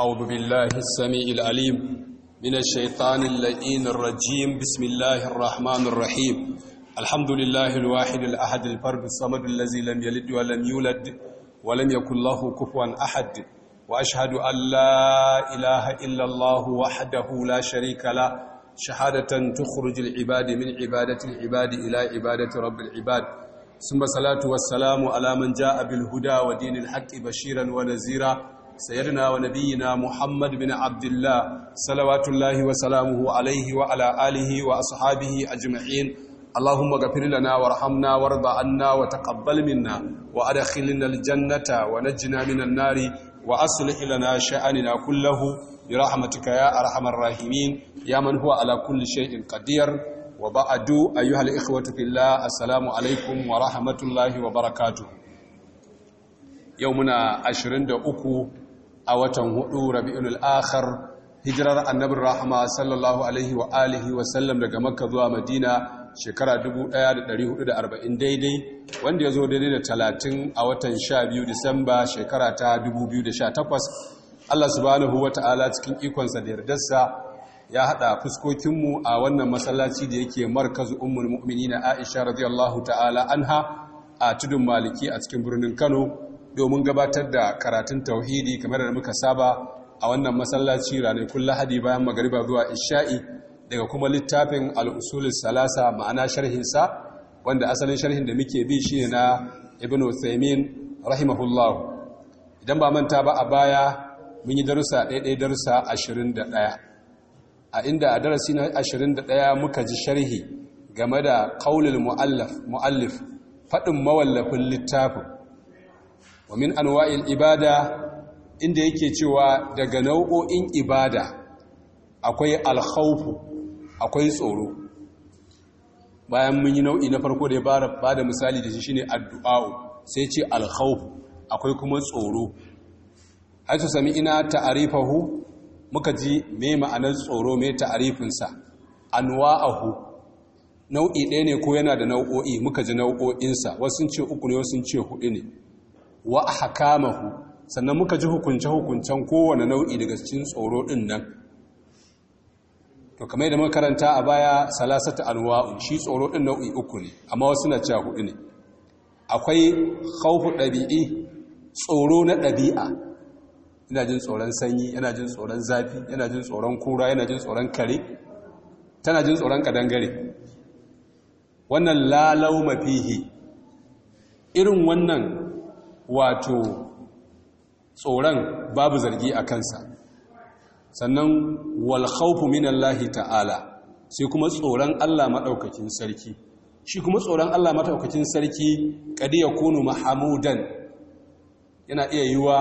أعوذ بالله السميع العليم من الشيطان اللئين الرجيم بسم الله الرحمن الرحيم الحمد لله الواحد الأحد الفرد الصمد الذي لم يلد ولم يولد ولم يكن له كفوا أحد وأشهد أن لا إله إلا الله وحده لا شريك له شهادة تخرج العباد من عبادة العباد إلى عبادة رب العباد ثم صلاة والسلام على من جاء بالهدى ودين الحق بشيرا ونزيرا سيدنا ونبينا محمد بن عبد الله صلوات الله وسلامه عليه وعلى آله وأصحابه أجمعين اللهم اغفر لنا وارحمنا وارض عنا وتقبل منا وأدخلنا الجنة ونجنا من النار وأصلح لنا شأننا كله برحمتك يا أرحم الراحمين يا من هو على كل شيء قدير وبعد أيها الإخوة في الله السلام عليكم ورحمة الله وبركاته يومنا 23 a watan hudu rabi'ul akhir hijirar annabin rahama sallallahu alaihi wa alihi wa sallam daga makka zuwa madina shekara 1440 daidai wanda ya zo daidai da talatin, a watan 12 disamba shekara ta 2018 allah subhanahu wa ta'ala cikin ikonsa da yardarsa ya hada fuskokinmu a wannan masallaci da yake markazu ummul na aisha radiyallahu ta'ala anha a tudun maliki a cikin birnin kano domin gabatar da karatun tauhidi kamar da muka saba a wannan masallaci ranakun lahadi bayan magariba zuwa isha'i daga kuma littafin al'usulis salasa ma'ana sharhinsa wanda asalin sharhin da muke bi shi na ibn uthaymin rahimahullah idan ba manta ba a baya mun yi darussa ɗaiɗai darussa ashirin da ɗaya a inda a darasi na ashirin da ɗaya muka ji sharhi game da kaulil mu'allif faɗin mawallafin littafin wa min anwa'il ibada inda yake cewa daga nau'o'in ibada akwai alkhawfu akwai tsoro bayan mun yi nau'i na farko da ya ba da misali da shi shine addu'a'u sai ce alkhawfu akwai kuma tsoro haitu sami ina ta'arifahu muka ji me ma'anar tsoro mai ta'arifinsa anwa'ahu nau'i ɗaya ne ko yana da nau'o'i muka ji nau'o'insa wasu ce uku ne wasu ce hudu ne wa a hakamahu sannan muka ji hukunce hukuncen kowane nau'i daga cikin tsoro ɗin nan to kamar da makaranta a baya salasata alwa'un shi tsoro ɗin nau'i uku ne amma wasu na cewa hudu ne akwai haufu ɗabi'i tsoro na ɗabi'a. yana jin tsoron sanyi yana jin tsoron zafi yana jin tsoron kura yana jin tsoron kare tana jin tsoron kadangare wannan lalau mafihi irin wannan wato tsoron babu zargi a kansa sannan wal khawfu minallahi ta'ala sai kuma tsoron Allah madaukakin sarki shi kuma tsoron Allah madaukakin sarki kad yakunu mahamudan yana iya yiwa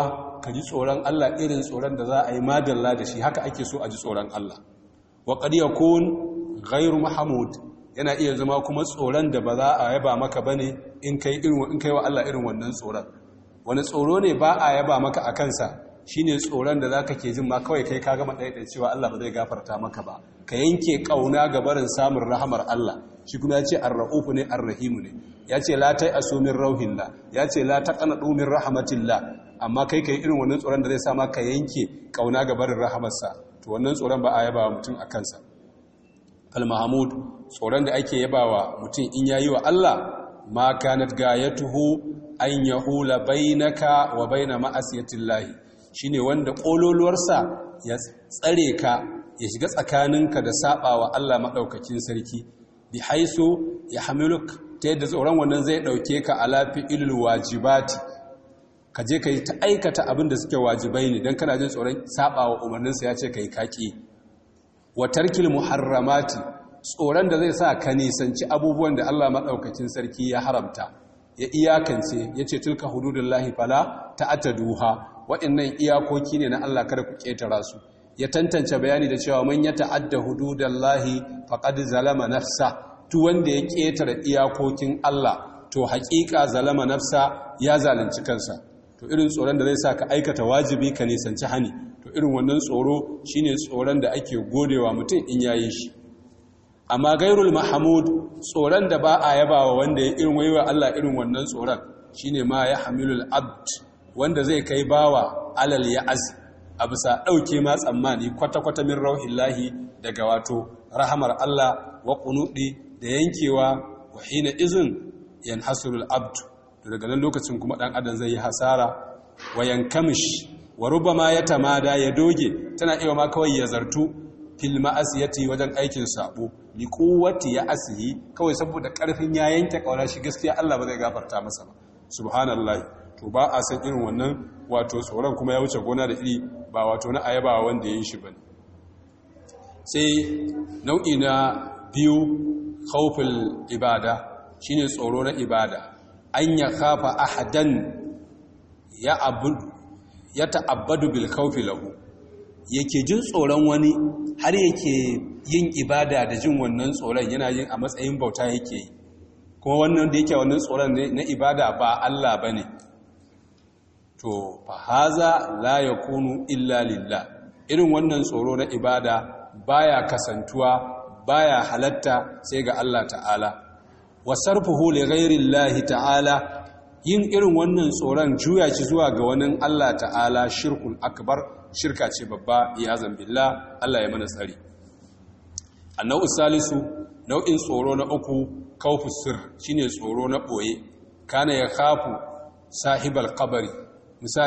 ka ji tsoron Allah irin tsoron da za a yi madalla da shi haka ake so a ji tsoron Allah wa qad yakun ghairu Mahamud yana iya zama kuma tsoron da ba za a yaba maka ba ne kai irin in kai wa Allah irin wannan tsoron wani tsoro ne ba a yaba maka a kansa shi ne tsoron da za ka ke jin ma kawai kai ka gama ɗaiɗai cewa Allah ba zai gafarta maka ba ka yanke ƙauna ga barin samun rahamar Allah shi kuma ya ce arra'ufu ne arrahimu ne ya ce la tai ra'uhin la. ya ce la ɗumin rahamatin la. amma kai ka yi irin wannan tsoron da zai sa ka yanke ƙauna ga barin rahamarsa to wannan tsoron ba a yaba mutum a kansa al tsoron da ake yaba wa mutum in ya yi wa Allah ma kanat tuho. an yahula bainaka wa baina ma'asiyatillahi shine wanda kololuwarsa ya tsare ka ya shiga tsakaninka da sabawa Allah madaukakin sarki bi haisu ya hamiluk ta yadda tsoron wannan zai ɗauke ka ala fi'il wajibati ka je ka ta aikata abin da suke wajibai ne don kana jin tsoron sabawa umarninsa ya ce ka yi kaƙi wa tarkil muharramati tsoron da zai sa ka nisanci abubuwan da Allah maɗaukacin sarki ya haramta ya iyakance ya ce tilka ta fala duha, waɗannan iyakoki ne na Allah kada ku ƙetara su ya tantance bayani da cewa man ya ta'adda hududallahi faƙad zalama nafsa tu wanda ya ƙetara iyakokin Allah to haƙiƙa zalama nafsa ya zalunci kansa to irin tsoron da zai sa ka aikata wajibi ka nisanci hani to irin wannan tsoro shine tsoron da ake godewa mutum in yi shi amma gairul mahamud tsoron da ba a yabawa wanda ya irin waiwa Allah irin wannan tsoron shine ma ya hamilul abd wanda zai kai bawa alal ya az a bisa ɗauke ma tsammani kwata-kwata min rauhillahi daga wato rahamar Allah wa kunuɗi da yankewa wa hina izin yan hasurul abd daga nan lokacin kuma ɗan adam zai yi hasara wa yankamish wa rubama ya tamada ya doge tana iya ma kawai ya zartu ta yi wajen aikin sabo ni quwwati ya asihi kawai saboda karfin ya yanke kaura shi gaskiya Allah ba zai gafarta masa ba subhanallahi to ba a san irin wannan wato tsoron kuma ya wuce gona da iri ba wato na ayaba wanda ya yi shi bane sai nau'i na biyu khawful ibada shine tsoro na ibada an ya kafa ahadan ya ya ta'abbadu bil khawfi lahu yake jin tsoron wani har yake yin ibada da jin wannan tsoron yana yin a matsayin bauta yake yi kuma wannan da yake wannan tsoron na ibada ba Allah ba ne to fahaza la ya kunu illa lillah irin wannan tsoro na ibada baya kasantuwa baya halatta sai ga Allah ta'ala wasarfuhu li ghairillahi ta'ala yin irin wannan tsoron juya shi zuwa ga wani Allah ta'ala shirkun akbar shirka ce babba ya zambilla Allah ya mana tsari annau salisu nau'in tsoro na uku kaufu sir shine tsoro na boye kana ya khafu sahibal qabri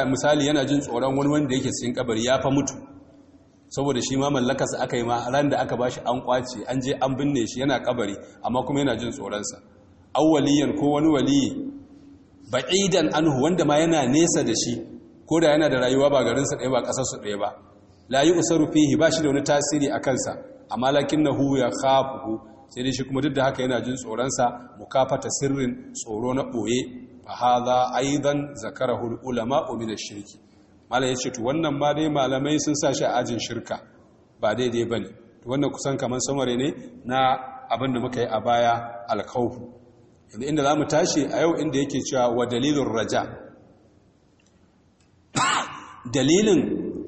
misali yana jin tsoron wani wanda yake cikin kabari ya fa mutu saboda shi ma mallakarsa aka yi ma ran da aka bashi an kwace an je an binne shi yana kabari amma kuma yana jin tsoronsa awwaliyan ko wani waliyi ba'idan anhu wanda ma yana nesa da shi ko da yana da rayuwa ba garinsa ɗaya ba ƙasarsu ɗaya ba la yi usaru fihi ba shi da wani tasiri a kansa amma lakin na hu ya khafuhu sai dai shi kuma duk da haka yana jin tsoronsa mukafata sirrin tsoro na ɓoye fa hadha aidan zakarahu ulama min ash-shirki mala yace to wannan ma dai malamai sun sa shi a ajin shirka ba daidai bane to wannan kusan kamar samare ne na abin da muka yi a baya al inda yanzu inda zamu tashi a yau inda yake cewa wa dalilur raja' dalilin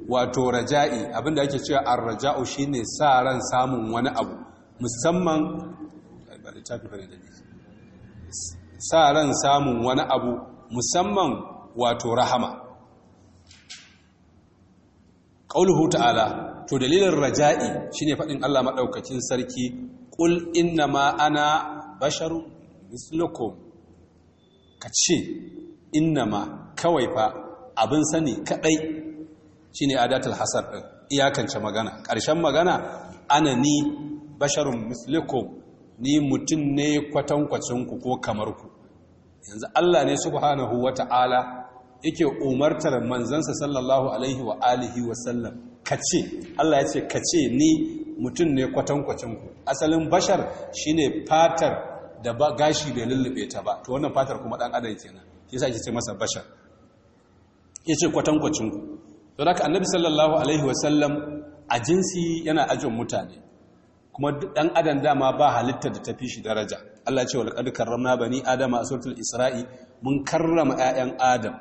wato raja'i abinda ake cewa ar-raja'u shine sa ran samun wani abu musamman sa ran samun wani abu musamman wato rahama qauluhu ta'ala to dalilin raja'i shine faɗin Allah maɗaukacin sarki qul ma ana basharu mislukum kace ma kawai fa abin sani kadai shine adatul hasar ɗin, iyakance magana ƙarshen magana ana ni basharun mislikum ni mutum ne kwatankwacinku ko kamar ku yanzu Allah ne subhanahu wata'ala yake umartar manzansa sallallahu alaihi wa alihi wa ka kace Allah ya ce kace ni mutum ne kwatankwacinku. asalin bashar shi ne fatar da gashi bai lullube ta ba to wannan fatar kuma ɗan adam kenan shi yasa ake ce masa bashar ya ce kwatankwacinku don haka annabi sallallahu alaihi wasallam a jinsi yana ajin mutane kuma ɗan adam dama ba halitta da tafi shi daraja Allah ce wa laqad na bani adama a suratul isra'i mun karrama 'ya'yan adam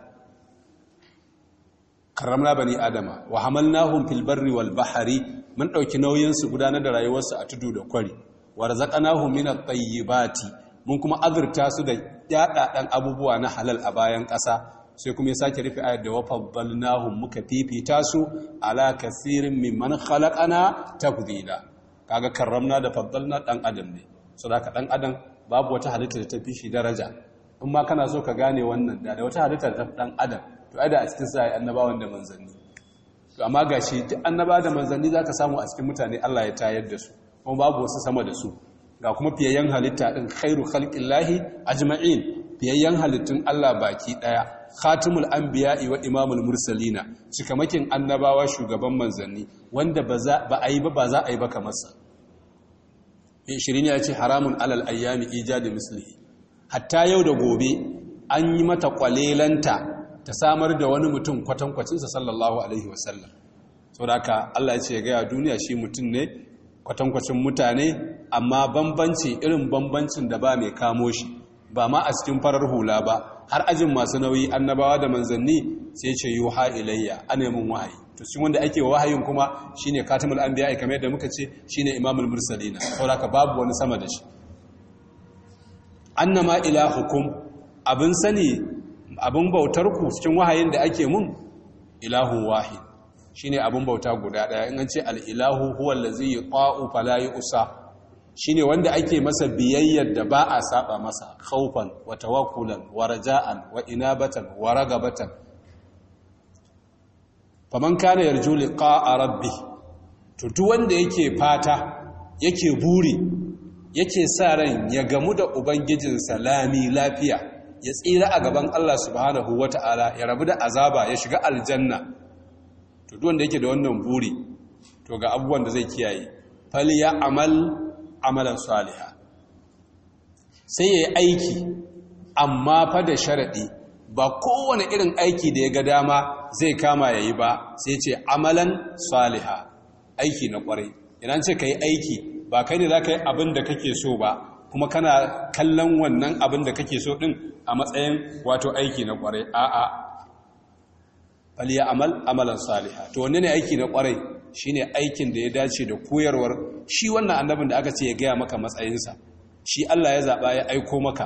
na bani adama wa hamalnahum fil barri wal bahari mun ɗauki nauyinsu gudanar da rayuwarsu a tudu da kwari wa razaqnahum min at-tayyibati mun kuma azurta su da ɗan abubuwa na halal a bayan ƙasa sai kuma ya sake rufe ayat da wafaddalnahum muka fifita su ala kasirin mimman khalaqana takdila kaga karramna da faddalna dan adam ne da ka dan adam babu wata halitta da ta fi shi daraja in ma kana so ka gane wannan da da wata halitta da dan adam to ai da a cikin sai annabawan da manzanni to amma gashi duk annaba da manzanni zaka samu a cikin mutane Allah ya tayar da su kuma babu wasu sama da su ga kuma fiyayyan halitta din khairu khalqillahi ajma'in fiyayyan halittun Allah baki daya khatimul anbiya wa imamul mursalina cikamakin annabawa shugaban manzanni wanda ba a yi ba ba za a yi ba kamar sa shirin ya ce haramun alal ayyami ijadi mislihi hatta yau da gobe an yi mata kwalelanta ta samar da wani mutum kwatankwacinsa sallallahu alaihi wasallam so da ka Allah ya ce gaya duniya shi mutum ne kwatankwacin mutane amma bambanci irin bambancin da ba mai kamo shi ba ma a cikin farar hula ba har ajin masu nauyi annabawa da manzanni sai ce yi yuha ilayya a neman wahayi to shi wanda ake wahayin kuma shi shine katimul anbiya kamar da muka ce shi ne imamul mursalina saboda babu wani sama da shi annama hukum, abin sani abin bautar ku cikin wahayin da ake mun ilahu wahid ne abin bauta guda ɗaya, in an ce al ilahu huwa allazi yaqa'u fala usa Shi ne wanda ake masa biyayyar da ba a saba masa khaufan wa tawakkulan wa raja'an wa inabatan wa ragabatan faman kana yarju liqa'a rabbi to duk wanda yake fata yake buri yake sa ran ya gamu da ubangijin salami lafiya ya tsira a gaban Allah subhanahu wata'ala ya rabu da azaba ya shiga aljanna to duk wanda yake da wannan buri to ga abubuwan da zai kiyaye Fali ya amal amalan saliha sai ya yi aiki amma fa da sharaɗi ba kowane irin aiki da ya ga dama zai kama ya yi ba sai ce amalan saliha aiki na ƙwarai idan ce ka yi aiki ba kai ne za ka yi abin da kake so ba kuma kana kallon wannan abin da kake so ɗin a matsayin wato aiki na ƙwarai a'a faliya amal amalan saliha to wanne ne aiki na kwarai? shine aikin da ya dace da koyarwar shi wannan annabin da aka ce ya gaya maka matsayinsa shi Allah ya zaɓa ya aiko maka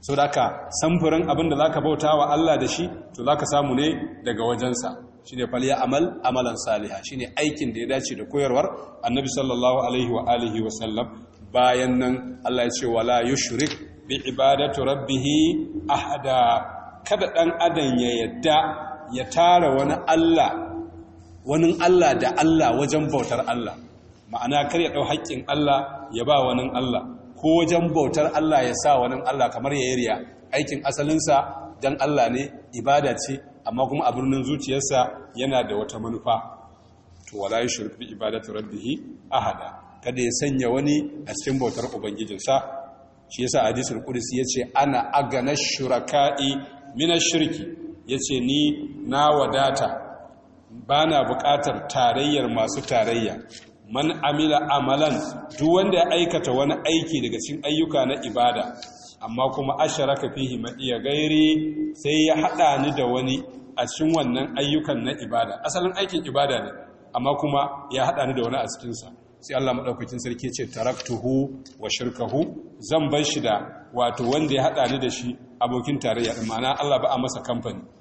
so da ka samfurin abin da za ka bauta wa Allah da shi to za ka samu ne daga wajensa shi ne ya amal amalan saliha shi ne aikin da ya dace da koyarwar annabi sallallahu alaihi wa alihi wa sallam bayan nan Allah ya ce wala yushrik bi ibadatu rabbihi ahada kada dan adam ya yadda ya tara wani Allah wani Allah da Allah wajen bautar Allah ma'ana kar ya ɗau haƙƙin Allah ya ba wani Allah ko wajen bautar Allah ya sa wani Allah kamar ya yariya aikin asalinsa don Allah ne ibada ce amma kuma a birnin zuciyarsa yana da wata manufa to wala yushrik bi ibadati a ahada kada ya sanya wani a cikin bautar ubangijinsa shi yasa hadisul qudsi yace ana agana shuraka'i min ash-shirki yace ni na wadata ba na buƙatar tarayyar masu tarayya man amila amalan duk wanda ya aikata wani aiki daga cikin ayyuka na ibada amma kuma asharaka fihi ma'iya gairi sai ya haɗa ni da wani a cikin wannan ayyukan na ibada asalin aikin ibada ne amma kuma ya haɗa ni da wani a cikinsa sai Allah maɗaukakin sarki ce taraktuhu wa shirkahu zan bar shi da wato wanda ya haɗa ni da shi abokin tarayya ma'ana Allah ba a masa kamfani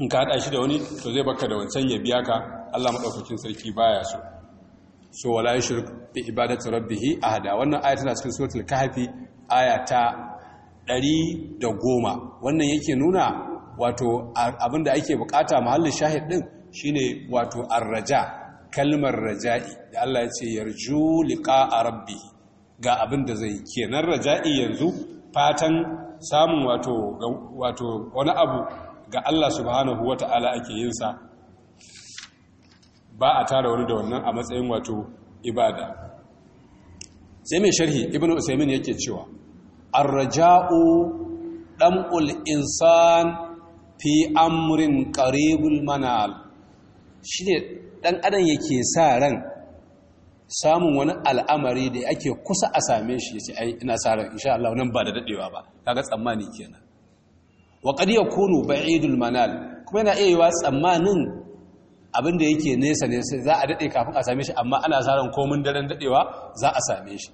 in ka haɗa shi da wani to zai baka da wancan ya biya ka Allah maɗaukakin sarki baya so so wala yushrik bi ibadati A ahada wannan aya tana cikin suratul kahfi aya ta 110 wannan yake nuna wato abinda ake bukata mahallin shahid din shine wato "ar-raja" kalmar raja'i da Allah ya ce yarju a rabbihi ga abinda zai kenan raja'i yanzu fatan samun wato wato wani abu ga Allah subhanahu wa ta'ala ake yin sa ba a tara wani da wannan a matsayin wato ibada sai mai sharhi ibnu usaimin yake cewa Arraja'u rajau dam'ul insan fi amrin qaribul manal dan adam yake sa ran samun wani al'amari da ake kusa a same shi yace ai ina sa ran insha Allah nan ba da daɗewa ba kaga tsammani kenan wa kunu yakunu ba'idul manal kuma yana iya yi wa tsammanin abinda yake nesa ne sai za a daɗe kafin a same shi amma ana zaran komin daren daɗewa za a same shi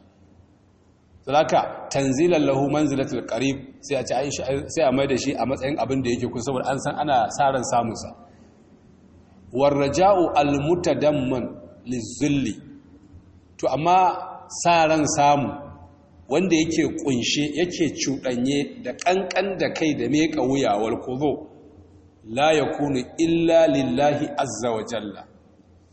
zalaka tanzilan lahu manzilatul qarib sai a mai da shi a matsayin abin da yake kusa saboda an san ana tsarin samun sa war raja'u al mutadamman lizilli to amma tsarin samu wanda yake kunshe yake cuɗanye da ƙanƙan da kai da meƙa wuyawar kuzo la ya kunu illa lillahi azza wa jalla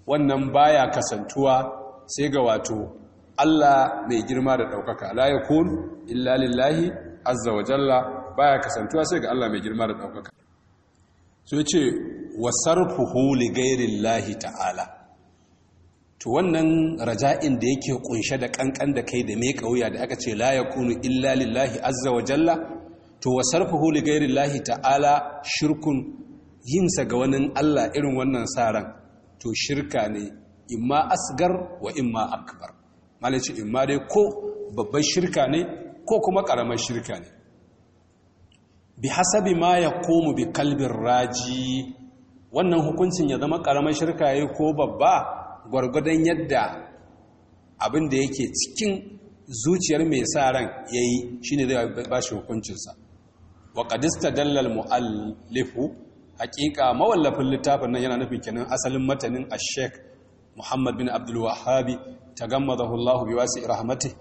wannan baya kasantuwa sai ga wato Allah mai girma da ɗaukaka la ya kunu illa lillahi azza wa jalla baya kasantuwa sai ga Allah mai girma da ɗaukaka so ce wasarfuhu li lahi ta'ala to wannan raja'in da yake kunshe da kankan da kai da mai kauya da aka ce la yakunu illa lillahi azza wa jalla to wa sarfuhu li ghairillahi ta'ala shirkun yinsa ga wani Allah irin wannan saran to shirka ne imma asgar wa imma akbar malaci imma dai ko babban shirka ne ko kuma karamar shirka ne bi hasabi ma yaqumu bi kalbin raji wannan hukuncin ya zama karamar shirka yayi ko babba gwargwadon yadda abin da yake cikin zuciyar mai sa ran ya yi shi ne zai ba shi hukuncinsa wa ƙadista dallal mu'allifu hakika mawallafin littafin nan yana nufin kenan asalin matanin ashek muhammad bin Abdulwahabi ta ta gamma zahullahu biyu wasu rahmati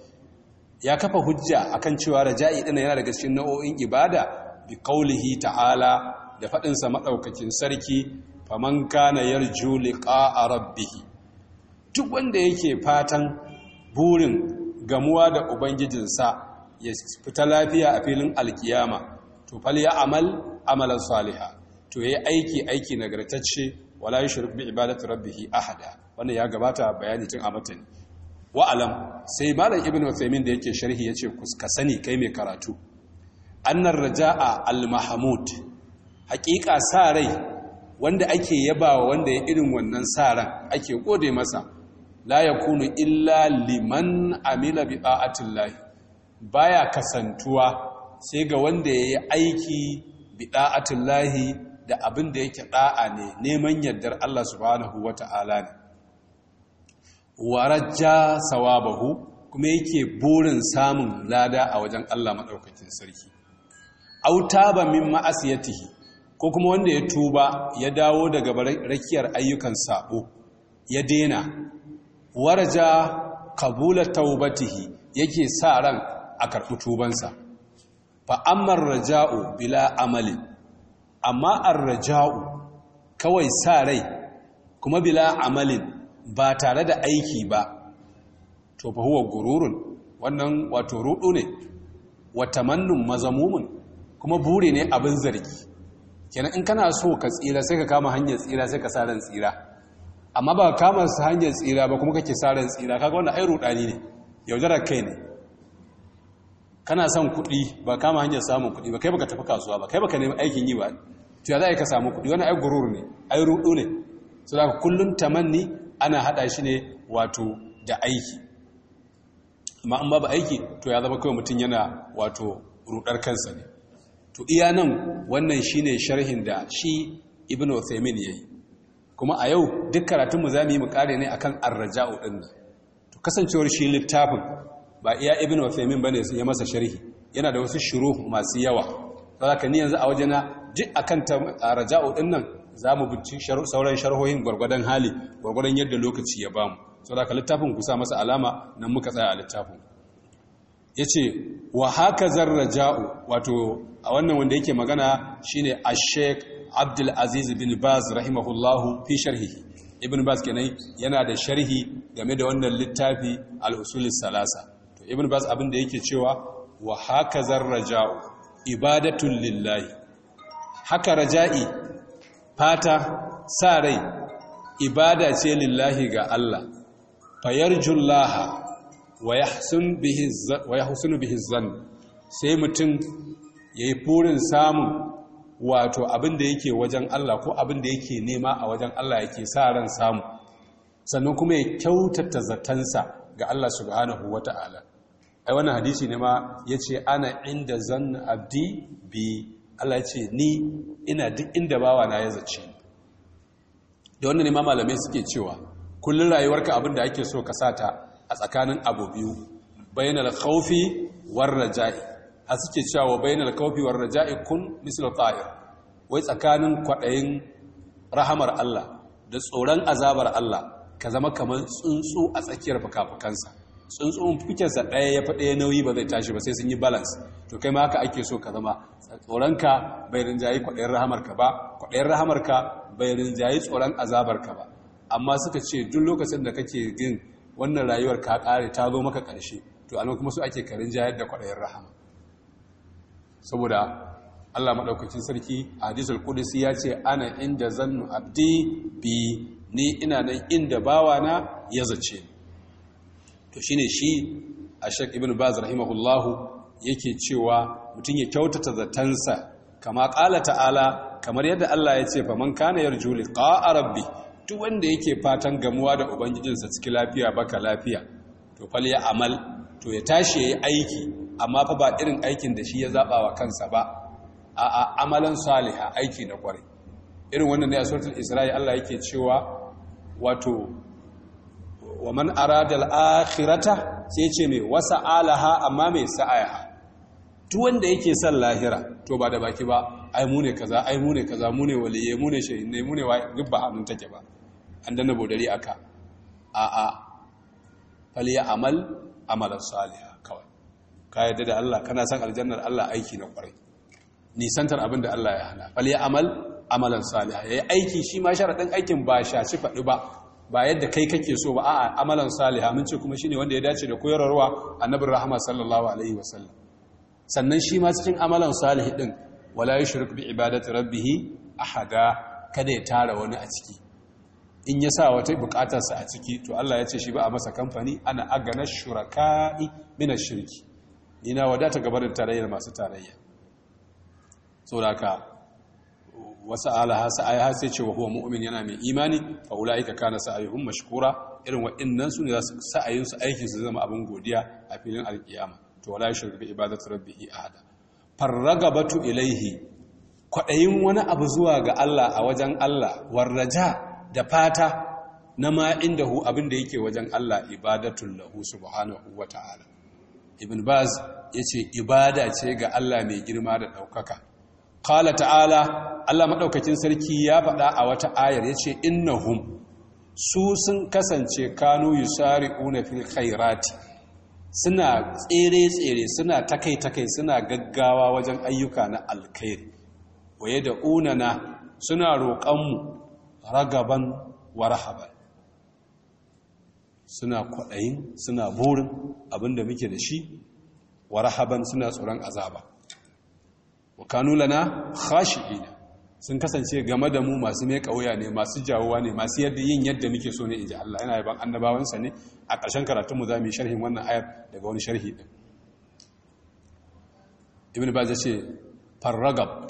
ya kafa hujja akan cewa da raja'i ɗin yana daga cikin nau'o'in ibada bi kaulihi ta'ala da faɗinsa maɗaukacin sarki faman kana yarju liqa'a rabbihi. duk wanda yake fatan burin gamuwa da ubangijinsa ya fita lafiya a filin alkiyama to fal ya amal amalan saliha to yayi aiki aiki nagartacce wala yushrik bi ibadati rabbih ahada wannan ya gabata bayani tun a matani wa sai malam Ibn usaymin da yake sharhi yace ka sani kai mai karatu An annar raja'a al-mahmud haƙiƙa sa rai wanda ake yabawa wanda ya irin wannan sa ran ake gode masa la kunu illa liman amila bi ba ya kasantuwa sai ga wanda ya yi aiki bi da abin da yake da'a ne neman yardar Allah subhanahu wata'ala ne wa rajja sawabahu kuma yake burin samun lada a wajen Allah maɗaukakin sarki autaba min ma'asiyatihi ko kuma wanda ya tuba ya dawo daga rakiyar ayyukan sabo ya dena waraja kabula taubatihi yake sa ran a karɓi tubansa fa raja'u bila amali amma ar-raja'u kawai sa rai kuma bila amalin ba tare da aiki ba to fa huwa gururun wannan wato rudu ne wa tamannun mazamumun kuma buri ne abin zargi kenan in kana so ka tsira sai ka kama hanyar tsira sai ka sa ran tsira amma ba kama su hanyar tsira ba kuma kake tsarin tsira kaga wannan ai rudani ne yaudarar kai ne kana son kuɗi ba kama hanyar samun kuɗi ba kai baka tafi kasuwa ba kai baka nemi aikin yi ba to ya za ka samu kuɗi wani ai gurur ne ai rudu ne so da kullun tamanni ana hada shi ne wato da aiki amma an babu aiki to ya zama kawai mutum yana wato rudar kansa ne to iya nan wannan shine sharhin da shi ibnu uthaymin yayi kuma a yau duk karatunmu za mu yi mu kare ne akan arraja'u din nan to kasancewar shi littafin ba iya ibnu wafemin ne ya masa sharhi yana da wasu shuru masu yawa saboda ni yanzu a wajena duk akan arraja'u din nan za mu binci sauran sharhohin gwargwadon hali gwargwadon yadda lokaci ya bamu saboda littafin kusa masa alama nan muka tsaya a littafin ya ce wa haka wato a wannan wanda yake magana shine ashek Abdulaziz aziz bin baz rahimahullahu fi sharhihi ibn baz kenan yana da sharhi game da wannan littafi al-usulis salasa to ibn baz abin da yake cewa wa haka zarraja'u ibadatun lillahi haka raja'i fata sa rai ibada ce lillahi ga Allah fayarjullaha wa yahsun bihi zan sai mutum yayi furin samun wato abin da yake wajen Allah ko abin da yake nema a wajen Allah yake sa ran samu sannan kuma ya kyautata zatansa ga Allah subhanahu wata'ala ai wannan hadisi ne ma yace ana inda zan abdi bi Allah yace ni ina duk inda bawa na ya zace da wannan ne ma malamai suke cewa kullun rayuwarka abin da ake so ka sata a tsakanin abu biyu bainal khawfi war raja'i a suke cewa bayan alkawafi wa raja'i kun misal ta'ir wai tsakanin kwaɗayin rahamar Allah da tsoron azabar Allah ka zama kamar tsuntsu a tsakiyar fukafukansa tsuntsun fukinsa ɗaya ya faɗe nauyi ba zai tashi ba sai sun yi balance to kai ma haka ake so ka zama tsoronka bai rinjayi kwaɗayin rahamar ka ba kwaɗayin rahamar ka bai rinjayi tsoron azabar ka ba amma suka ce duk lokacin da kake gin wannan rayuwar ka ƙare ta zo maka ƙarshe to a kuma su ake ka rinjayar da kwaɗayin rahama saboda Allah maɗaukacin sarki hadisul kudisi ya ce ana inda zan abdi bi ni ina nan inda bawa na ya zace to shine shi ashaq ibn baz rahimahullahu yake cewa mutum ya kyautata zatansa kama ƙala ta'ala kamar yadda Allah ya ce fa faman kana yarju liqa'a rabbi duk wanda yake fatan gamuwa da ubangijinsa cikin lafiya baka lafiya to fal ya amal to ya tashi ya yi aiki amma fa ba irin aikin da shi ya zaba wa kansa ba a amalan saliha aiki na kwarai irin wannan ne a suratul isra'i Allah yake cewa wato wa man arada al-akhirata sai ce me wasa alaha amma me sa'aha duk wanda yake son lahira to ba da baki ba ai mu ne kaza ai mu ne kaza mu ne waliye mu ne shahidai mu ne duk ba hannun take ba an danna bodari aka a a fal ya amal amalan saliha ka yadda da Allah kana san aljannar Allah aiki na kwarai nisantar abin da Allah ya hana fal ya amal amalan Ya yayi aiki shi ma sharadin aikin ba sha shaci faɗi ba ba yadda kai kake so ba a'a amalan saliha mun ce kuma shine wanda ya dace da koyarwa annabin rahama sallallahu alaihi wasallam sannan shi ma cikin amalan salihi ɗin wala yushrik bi ibadati rabbih ahada kada ya tara wani a ciki in ya sa wata bukatarsa a ciki to Allah ya ce shi ba a masa kamfani ana agana shuraka'i min shirki ina wadata gabarin tarayyar masu tarayya ka, wasu alaha sa'ayi sai ce wa huwa mu'min yana mai imani fa ulaika kana sa'ayuhum mashkura irin waɗannan su ne za su sa'ayin su aikin su zama abin godiya a filin alkiyama to wala yushrik bi a rabbih ahada farragabatu ilaihi kwaɗayin wani abu zuwa ga Allah a wajen Allah warraja da fata na ma hu abin da yake wajen Allah ibadatul lahu subhanahu wata'ala ibn baz ya ce ibada ce ga allah mai girma da ɗaukaka ƙala ta'ala allah maɗaukacin sarki ya faɗa a wata ayar ya ce innahum su sun kasance kanu Una, fil khairati suna tsere-tsere suna takai-takai suna gaggawa wajen ayyuka na alkhairi waye da unana suna roƙonmu ragaban wa suna kwaɗayin suna burin abinda muke da shi wa rahaban suna tsoron azaba wa kanu lana khashi'ina sun kasance game da mu masu mai kauya ne masu jawowa ne masu yadda yin yadda muke so ne ji Allah yana yaban annabawansa ne a ƙarshen karatun mu zamu yi sharhin wannan ayar daga wani sharhi din Ibn Baz ce farragab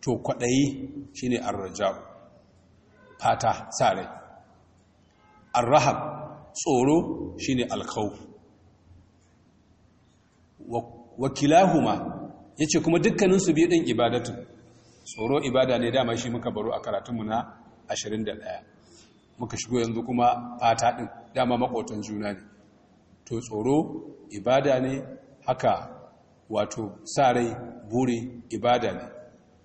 to kwadayi shine arraja fata sare arrahab tsoro shine alkhawf Wakilahuma ya yace kuma dukkanin su biyu din ibadatu tsoro ibada ne dama shi muka baro a karatunmu na 21 muka shigo yanzu kuma fata ɗin, dama makotan juna ne to tsoro ibada ne haka wato sarai buri ibada ne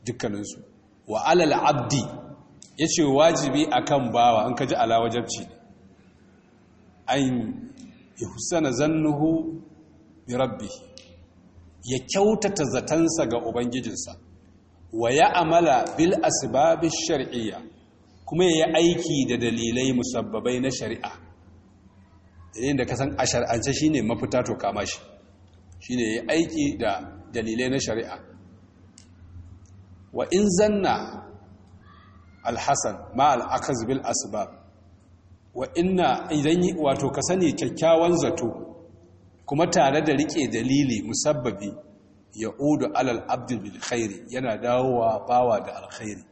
dukkaninsu wa alal abdi yace wajibi akan bawa in ka ji ala wajabci ne an yuhsana zannuhu bi Rabbi. ya kyautata zatansa ga ubangijinsa wa ya amala bil asbabi shar'iyya kuma ya yi aiki da dalilai musabbabai na shari'a dalilin da kasan a shi shine mafita to kama shi shine ya aiki da dalilai na shari'a wa in zanna alhassan ma al'akas bil asbab wa inna idan wato ka sani kyakkyawan zato kuma tare da rike dalili musabbabi ya udu alal abdu bil khairi yana dawowa bawa da alkhairi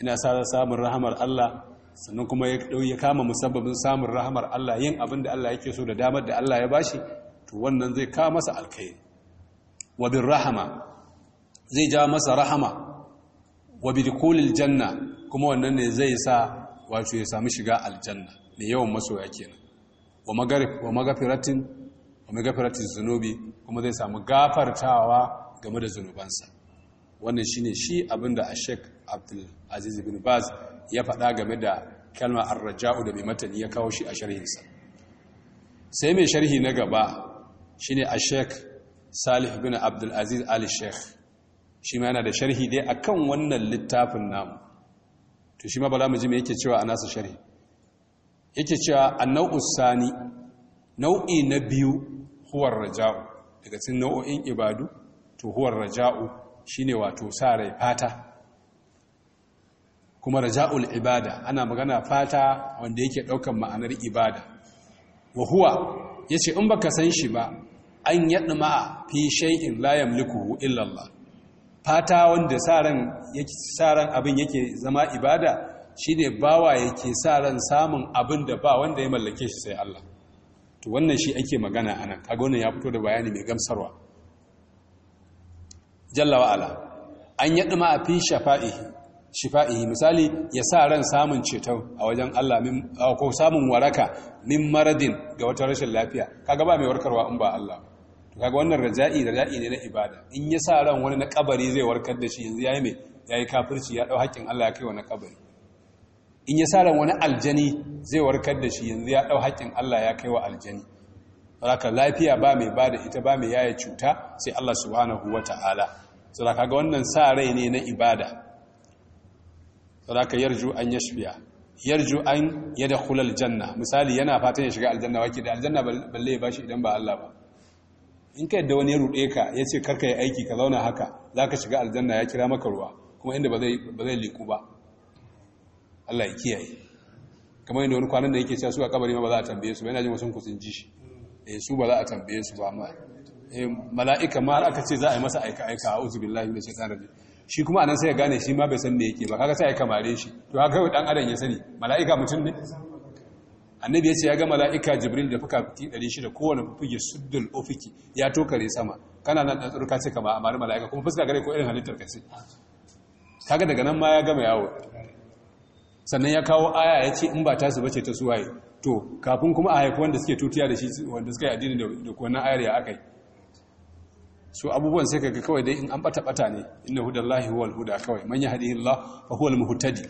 ina sa samun rahamar Allah sannan kuma ya kama musabbabin samun rahamar Allah yin abin da Allah yake so da damar da Allah ya bashi to wannan zai kawo masa alkhairi wa rahama zai ja masa rahama wa bi janna kuma wannan ne zai sa wato ya sami shiga aljanna ne yawan masoya kenan wa magarib wa magafiratin wa magafiratin zunubi kuma zai samu gafartawa game da zunubansa wannan shine shi abinda Ashek Abdul Aziz bin Baz ya faɗa game da kalma ar-raja'u da mai matani ya kawo shi a sharhinsa sai mai sharhi na gaba shine Ashek Salih bin Abdul Aziz Al Sheikh shi ma yana da sharhi dai akan wannan littafin namu to shi ma ba mu ji me yake cewa a nasu sharhi yake cewa annau sani nau'i na biyu huwar raja'u daga cikin nau'o'in ibadu to huwar raja'u shine wato sa rai fata kuma raja'ul ibada ana magana fata wanda yake daukan ma'anar ibada wa huwa yace in baka san shi ba an yadma fi shay'in la yamliku illa Allah fata wanda sa ran abin yake zama ibada shi ne bawa yake sa ran samun abin da ba wanda ya mallake shi sai Allah to wannan shi ake magana anan kaga kagonin ya fito da bayani mai gamsarwa jalla ala an yi ma a fi shafa'ihi misali ya sa ran samun ceto a wajen Allah ko samun waraka min maradin ga wata rashin lafiya kaga ba mai warkarwa in ba Allah kaga wannan raja'i raja'i ne na ibada in ya sa ran wani na kabari zai warkar da shi yanzu yayi mai yayi kafirci ya dau haƙƙin Allah ya kai wa na kabari in ya sa ran wani aljani zai warkar da shi yanzu ya dau haƙƙin Allah ya kai wa aljani saboda lafiya ba mai bada ita ba mai yaya cuta sai Allah subhanahu wata'ala saboda kaga wannan sa rai ne na ibada saboda yarju an yashfiya yarju an yadkhulal janna misali yana fatan ya shiga aljanna wake da aljanna balle ya shi idan ba Allah ba in ka yadda wani ya ruɗe ka ya ce karka yi aiki ka zauna haka za ka shiga aljanna ya kira maka ruwa kuma inda ba zai liku ba Allah ya kiyaye kamar yadda wani kwanan da yake cewa su a kabari ma ba za a tambaye su ba yana jin wasu kusin ji shi eh su ba za a tambaye su ba ma eh mala'ika ma aka ce za a yi masa aika aika a uzu billahi min shaitanir rajim shi kuma anan sai ya gane shi ma bai san me yake ba kaga sai ya kamare shi to haka dan adam ya sani mala'ika mutum ne annabi ya ce ya ga mala'ika jibril da fuka-fuki 600 kowane fufuge suddul ofiki ya tokare sama kana nan ɗantsar ka ce kama a mara mala'ika kuma fuska gare ko irin halittar ka ce kaga daga nan ma ya gama yawo sannan ya kawo aya ya ce in ba tasu bace ta suwaye to kafin kuma a haifi wanda suke tutiya da shi wanda suka yi addini da na ayar ya aka yi su abubuwan sai kaga kawai dai in an bata bata ne inna hudallahi huwal huda kawai man hadihin Allah fa huwal muhtadi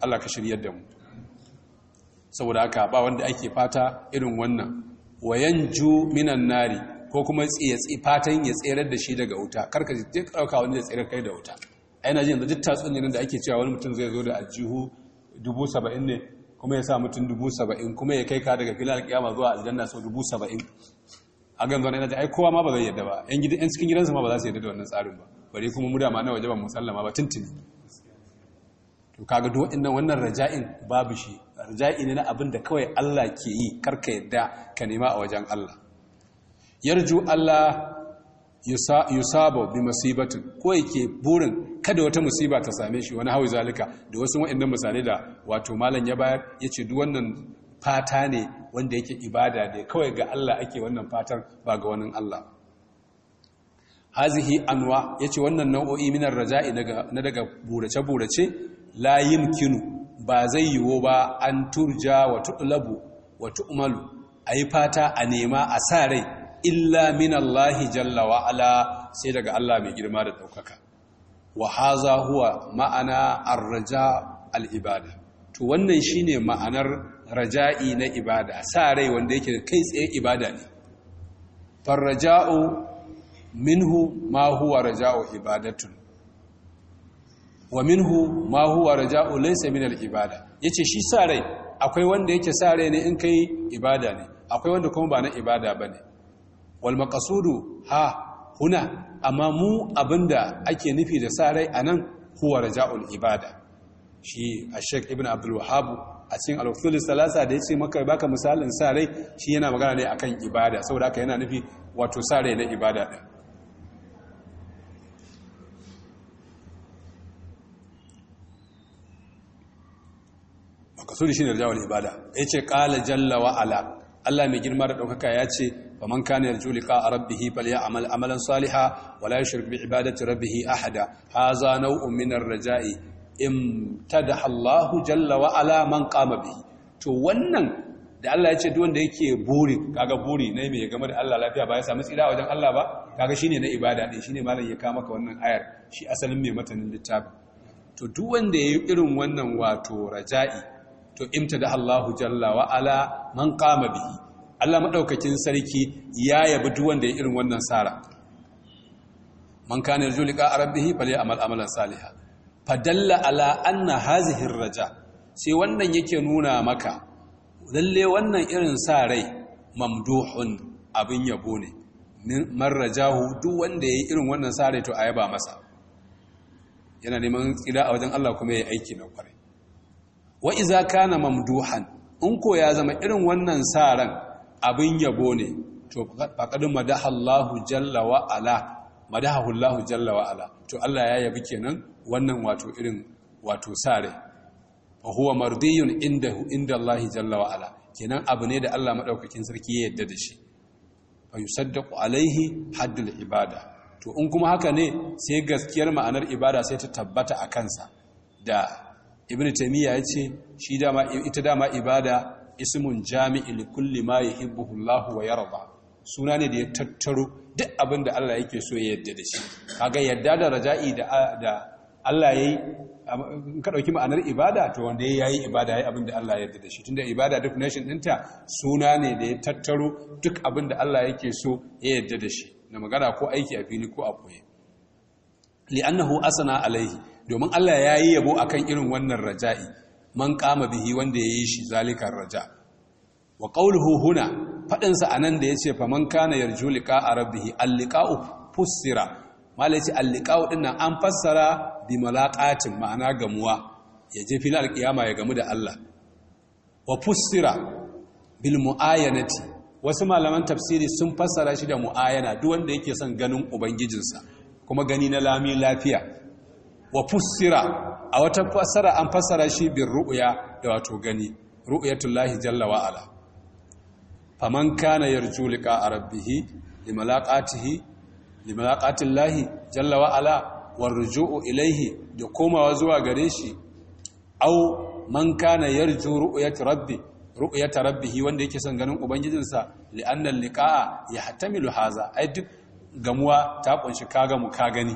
Allah ka shiryar da mu saboda aka ba wanda ake fata irin wannan wayan ju minan nari ko kuma fatan ya tserar da shi daga wuta karka je ɗauka wanda ya tserar kai da wuta a yana jin da duk tatsuniyar da ake cewa wani mutum zai zo da aljihu dubu saba'in ne kuma ya sa mutum dubu saba'in kuma ya kai ka daga filar kiyama zuwa aljanna sau dubu saba'in a gan zuwa yana ta ai kowa ma ba zai yadda ba yan gidan yan cikin gidansa ma ba za su yadda da wannan tsarin ba Bari kuma mu dama na waje ba musallama ba tuntuni to kaga duk wannan wannan raja'in babu shi irja'i ne na abin da kawai Allah ke yi karka yadda ka nema a wajen Allah yarju Allah yusaba bi masibatin ko yake burin kada wata musiba ta same shi wani hawi zalika da wasu waɗannan misalai da wato malam ya bayar yace duk wannan fata ne wanda yake ibada da kawai ga Allah ake wannan fatan ba ga wani Allah hazihi anwa yace wannan nau'o'i minar raja'i na daga burace burace layin kinu. ba zai yiwu ba an turja wa tuɗulabu wa A yi fata a nema a sa rai illa min Allah jalla wa ala sai daga Allah mai girma da ɗaukaka. wa haza huwa ma'ana ar-raja al-ibada to wannan shi ne ma'anar raja'i na ibada sa rai wanda yake kai tsaye ibada ne farraja'u minhu ma huwa raja'u ibadatun wa minhu ma huwa raja'u laysa min al-ibada yace shi sa rai akwai wanda yake sa rai ne in kai ibada ne akwai wanda kuma ba na ibada bane wal maqsudu ha huna amma mu abinda ake nufi da sa rai anan huwa raja'ul ibada shi ash-shaykh ibn abdul a cikin al salasa da ya ce maka baka misalin sa rai shi yana magana ne akan ibada saboda haka yana nufi wato sa rai na ibada din maksudi shine rijawul ibada yace ƙala jalla wa ala Allah mai girma da ɗaukaka ya ce ba man kana yarju liqa rabbih falyamal amalan saliha wa la yushrik bi ibadati rabbih ahada hadha naw'un min ar-raja'i imtadaha Allah jalla wa ala man qama bihi to wannan da Allah ya ce duk wanda yake buri kaga buri ne mai game da Allah lafiya ba ya samu tsira wajen Allah ba kaga shine na ibada din shine malam ya kama ka wannan ayar shi asalin mai matanin littafi to duk wanda yayi irin wannan wato raja'i to imtada Allahu jalla wa ala man qama bihi Allah madaukakin sarki ya yabi duk wanda ya irin wannan sara man kana yarju liqa fali amal amalan Saliha. fadalla ala anna hazihi raja sai wannan yake nuna maka lalle wannan irin sa rai mamduhun abin yabo ne man rajahu duk wanda yayi irin wannan sarai to to ayaba masa yana neman tsira a wajen Allah kuma ya yi aiki na kwarai wa iza kana mamduhan in ko ya zama irin wannan sa ran abin yabo ne to faqad Allahu jalla wa ala madaha Allahu jalla wa ala to Allah ya yabi kenan wannan wato irin wato sare fa huwa mardiyun indahu inda jalla wa ala kenan abu ne da Allah madaukakin sarki ya yadda da shi fa yusaddaqu alaihi haddul ibada to in kuma haka ne sai gaskiyar ma'anar ibada sai ta tabbata a kansa da ibn taymiya ya ce shi dama ita dama ibada ismun jami'i li kulli ma yuhibbuhu Allahu wa yarda suna ne da ya tattaro duk abin da Allah yake so ya yarda da shi kaga yarda da raja'i da da Allah yayi in ka dauki ma'anar ibada to wanda yayi ibada yayi abin da Allah ya yarda da shi tunda ibada definition dinta suna ne da ya tattaro duk abin da Allah yake so ya yarda da shi na magana ko aiki a fili ko a koye li'annahu asana alaihi domin Allah ya yi yabo akan irin wannan raja'i man kama bihi wanda ya yi shi zalikan raja wa qawluhu huna faɗinsa a nan da ya ce man kana yarju liqa'a rabbih alliqa'u fussira malai ce alliqa'u din an fassara bi malaqatin ma'ana gamuwa ya je filin alƙiyama ya gamu da Allah wa fussira bil mu'ayanati wasu malaman tafsiri sun fassara shi da mu'ayana duk wanda yake son ganin ubangijinsa kuma gani na lami lafiya wa fusira a wata fasara an fasara shi bin ru'uya da wato gani lahi jalla wa ala faman kana yarju liqa rabbih malaqatil lahi jalla wa ala warju'u ilayhi da komawa zuwa gare shi au man kana yarju ru'yat rabbi ru'yat rabbih wanda yake son ganin ubangijinsa anna liqa'a yahtamilu haza ai duk gamuwa ta kunshi ka mu ka gani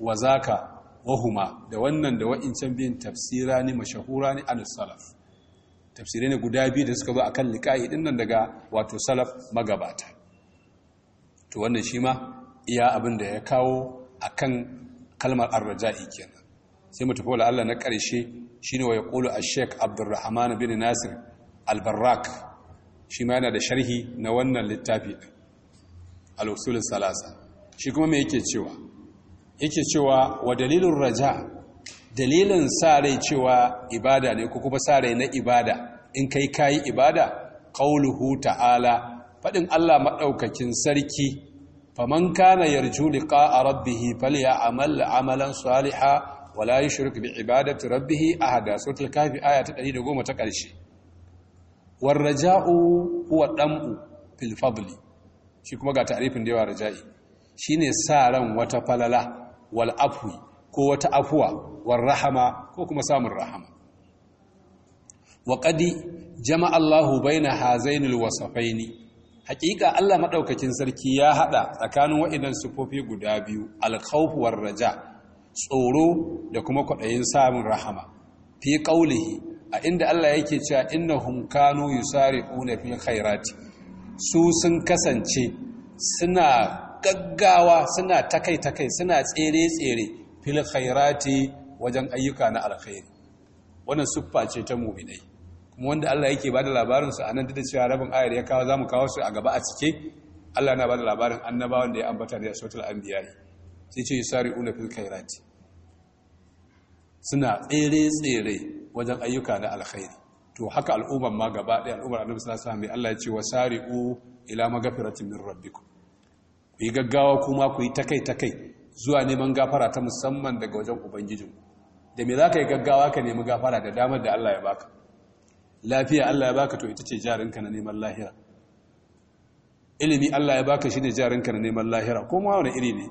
wa zaka wahuma da wannan da wa'incan biyan tafsira ne mashahura ne an salaf tafsirai ne guda biyu da suka ba akan liƙa'i din nan daga wato salaf magabata to wannan shi ma iya abin da ya kawo akan kalmar arja'i kenan sai mu tafi Allah na ƙarshe shine wa yaqulu a shaykh Abdurrahman bin Nasir al-Barrak shi ma yana da sharhi na wannan littafi al-usul salasa shi kuma me yake cewa yake cewa wa dalilin raja dalilin sa rai cewa ibada ne ko kuma sa rai na ibada in kai kayi ibada qauluhu ta'ala fadin Allah madaukakin sarki faman kana yarju liqa'a rabbih falyamal amalan Saliha wala yushrik bi ibadati rabbih ahada suratul kafi aya ta 110 ta karshe war raja'u huwa dam'u fil fadli shi kuma ga ta'rifin da yawa raja'i shine sa ran wata falala wal'afwi ko wata afuwa war rahama ko kuma samun rahama wa jama'allahu jama Allahu baina wasafai wasafaini hakika Allah maɗaukakin sarki ya haɗa tsakanin wa'idan sifofi guda biyu al raja tsoro da kuma kwaɗayin samun rahama fi ƙaulihi a inda Allah yake cewa innahum kanu yusari'una fil khairati su sun kasance suna gaggawa suna takai takai suna tsere tsere fil khairati wajen ayyuka na alkhairi wannan siffa ce ta mu'minai kuma wanda Allah yake bada labarin su anan da cewa rabin ayar ya kawo zamu kawo su a gaba a cike Allah na bada labarin annabawan da ya ambata da suratul anbiya sai ce yusari'una fil khairati suna tsere tsere wajen ayyuka na alkhairi to haka al'umman ma gaba ɗaya al'ummar annabi sallallahu alaihi wasallam Allah ya ce wasari'u ila magfiratin min rabbikum yi gaggawa kuma ku yi ta kai ta kai zuwa neman gafara ta musamman daga wajen ubangijin da me za ka yi gaggawa ka nemi gafara da damar da Allah ya baka lafiya Allah ya baka to ita ce jarinka na neman lahira ilimi Allah ya baka shi ne jarinka na neman lahira ko ma wani iri ne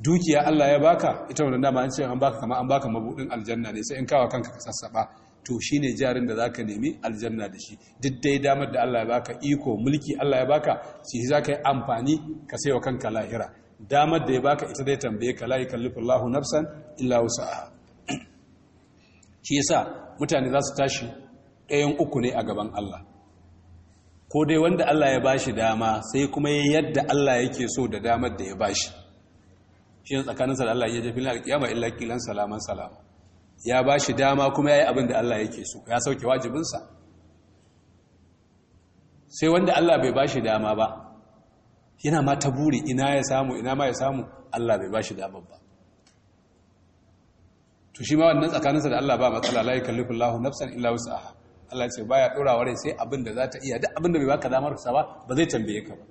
dukiya Allah ya baka ita wani dama an ce an baka kama an baka mabudin aljanna ne sai in kawo kanka ka sassaba to shi ne jarin da za ka nemi aljanna da shi duk dai damar da Allah ya baka iko mulki Allah ya baka shi za ka yi amfani ka sai wa kanka lahira damar da ya baka ita dai tambaye ka la yukallifullahu nafsan illa sa'a. shi yasa mutane za su tashi ɗayan uku ne a gaban Allah ko dai wanda Allah ya bashi dama sai kuma ya yadda Allah yake so da damar da ya bashi shi tsakaninsa da Allah ya jafin alƙiyama illa kilan salaman salama ya ba shi dama kuma ya yi abin da Allah yake so ya sauke wajibinsa sai wanda Allah bai ba shi dama ba yana ma ta buri ina ya samu ina ma ya samu Allah bai ba shi dama ba to shi ma wannan tsakaninsa da Allah ba matsala la yukallifu Allahu nafsan illa wus'aha Allah ya ce baya dora wa sai abin da za ta iya duk abin da bai baka damar sa ba ba zai tambaye ka ba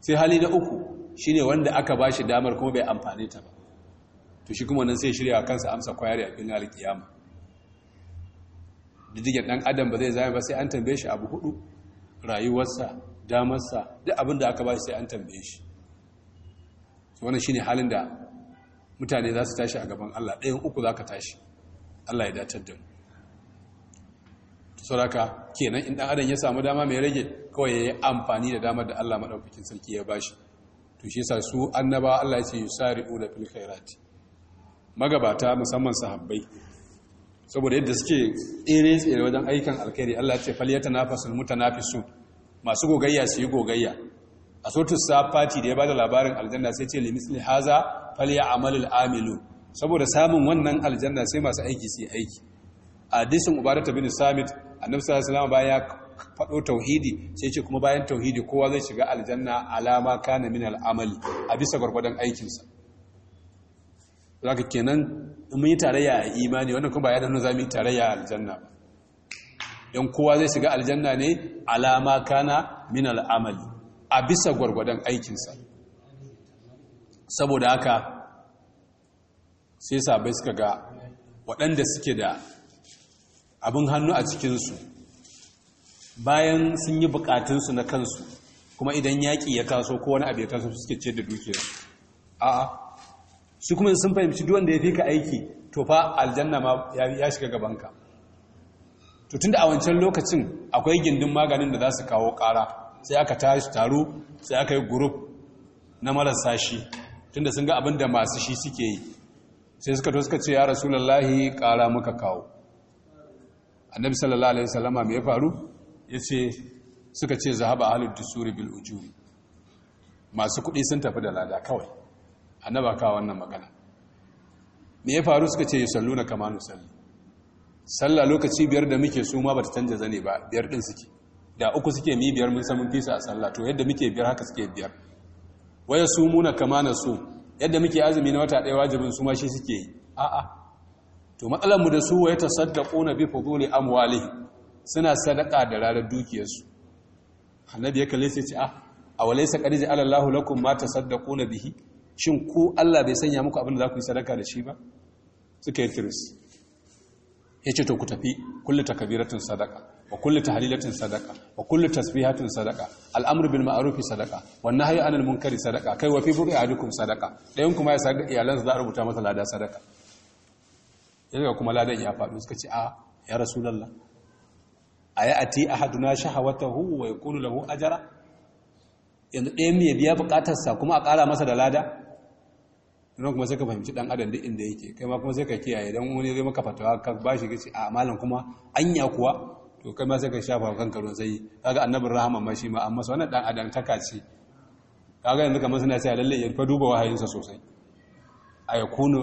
sai hali na uku shine wanda aka ba shi damar kuma bai amfane ta ba to shi kuma nan sai shirya kansa amsa kwayar a filin alkiyama diddigen dan adam ba zai zama ba sai an tambaye shi abu hudu rayuwarsa damarsa duk abin da aka ba shi sai an tambaye shi wannan shine halin da mutane za su tashi a gaban Allah ɗayan uku za ka tashi Allah ya datar da mu sauraka kenan in ɗan adam ya samu dama mai rage kawai ya yi amfani da damar da Allah maɗaukakin sarki ya bashi to shi yasa su annaba Allah ya ce yusari'u da fil khairati magabata musamman sahabbai saboda yadda suke tsere tsere wajen aikin alkhairi Allah ce yata nafasul mutanafisu masu gogayya su yi gogayya a sotu safati da ya bada labarin aljanna sai ce limisli haza falya amalul amilu saboda samun wannan aljanna sai masu aiki su aiki a hadisin ubarata bin samit annabi sallallahu alaihi baya faɗo tauhidi sai ce kuma bayan tauhidi kowa zai shiga aljanna alama kana min al'amali a bisa gwargwadon aikinsa za kenan mun yi tarayya a imani wannan kuma ba ya danu za mu yi tarayya a aljanna ba don kowa zai shiga aljanna ne alama kana min al'amali a bisa gwargwadon aikinsa saboda haka sai sabai suka ga waɗanda suke da abin hannu a cikinsu bayan sun yi bukatunsu na kansu kuma idan yaƙi ya kaso ko wani abu ya kaso suke ce da dukiyarsu a'a su kuma sun fahimci duk wanda ya fi ka aiki to fa aljanna ma ya shiga gabanka to tunda a wancan lokacin akwai gindin maganin da za su kawo kara sai aka taru sai aka yi gurup na marasa shi tunda sun ga abin da masu shi suke yi sai suka to suka ce ya rasulullahi ƙara muka kawo annabi sallallahu alaihi wasallama me ya faru ce suka ce zahaba halittu suri bil ujuri masu kuɗi sun tafi da lada kawai annaba ka wannan magana me ya faru suka ce sallu na kama salli? sallah lokaci biyar da muke su ma bata canja zane ba biyar din suke da uku suke mi biyar mun san mun fisa a salla to yadda muke biyar haka suke biyar waya su muna kama na su yadda muke azumi na wata ɗaya wajibin su ma shi suke yi a'a to matsalar mu da su waya ta na bi fuduli amwali suna sadaka da rarar dukiyarsu annabi ya kalle sai ce ah, a awalaysa qad alallahu Allahu lakum ma tasaddaquna bihi shin ku Allah bai sanya muku abin da za ku yi sadaka da shi ba suka yi tiris. ya ce to ku tafi kulle takabiratun sadaka wa ta tahlilatun sadaka wa kullu tasbihatun sadaka al'amru bil ma'ruf sadaka wa anan anil munkari sadaka kai wa fi bu'i ahadukum sadaka dayan kuma ya sadaka iyalan za a rubuta masa lada sadaka yaga kuma ladan ya faɗo suka ce a ya rasulullah aya ati ahaduna shahawatahu wa yaqulu lahu ajra yanzu ɗaya ya biya bukatarsa kuma a ƙara masa da lada don kuma sai ka fahimci dan adam duk inda yake kai ma kuma sai ka kiyaye dan wani zai maka fatawa ka ba shi a malam kuma anya kuwa to kai ma sai ka shafa kan karo sai kaga annabin rahama ma shi ma amma su wannan dan adam ta ce kaga yanzu kamar suna cewa lalle ya fa duba wahayinsa sosai a kunu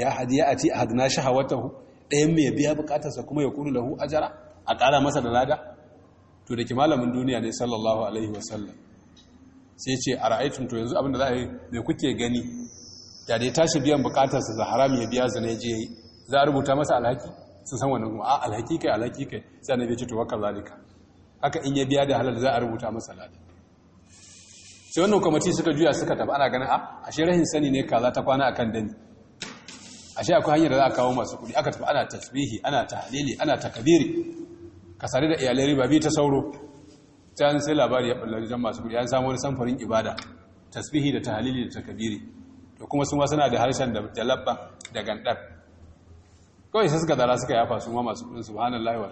ya hadiya ati hadna shahawatahu dayan mai biya bukatarsa kuma kunu lahu ajara a kara masa da lada to da ke malamin duniya ne sallallahu alaihi wasallam sai ce a ra'aitun to yanzu abinda za a yi me kuke gani da dai tashi biyan bukatar sa haram ya biya zane je za a rubuta masa alhaki sun san wannan kuma a alhaki kai alhaki kai sai na ya to wakal zalika haka in ya biya da halal za a rubuta masa lada sai wannan kwamiti suka juya suka tafi ana ganin a ashe rahin sani ne kaza ta kwana akan dani ashe akwai hanyar da za a kawo masu kuɗi aka tafi ana tasbihi ana tahlili ana takabiri ka sare da iyalai riba bi ta sauro ta sai labari ya ballar jan masu kuɗi an samu wani samfarin ibada tasbihi da tahlili da takabiri da kuma sun wasu suna da harshen da labban da gandar kawai sai suka zara suka yafa su ma masu wa subhanallahi wa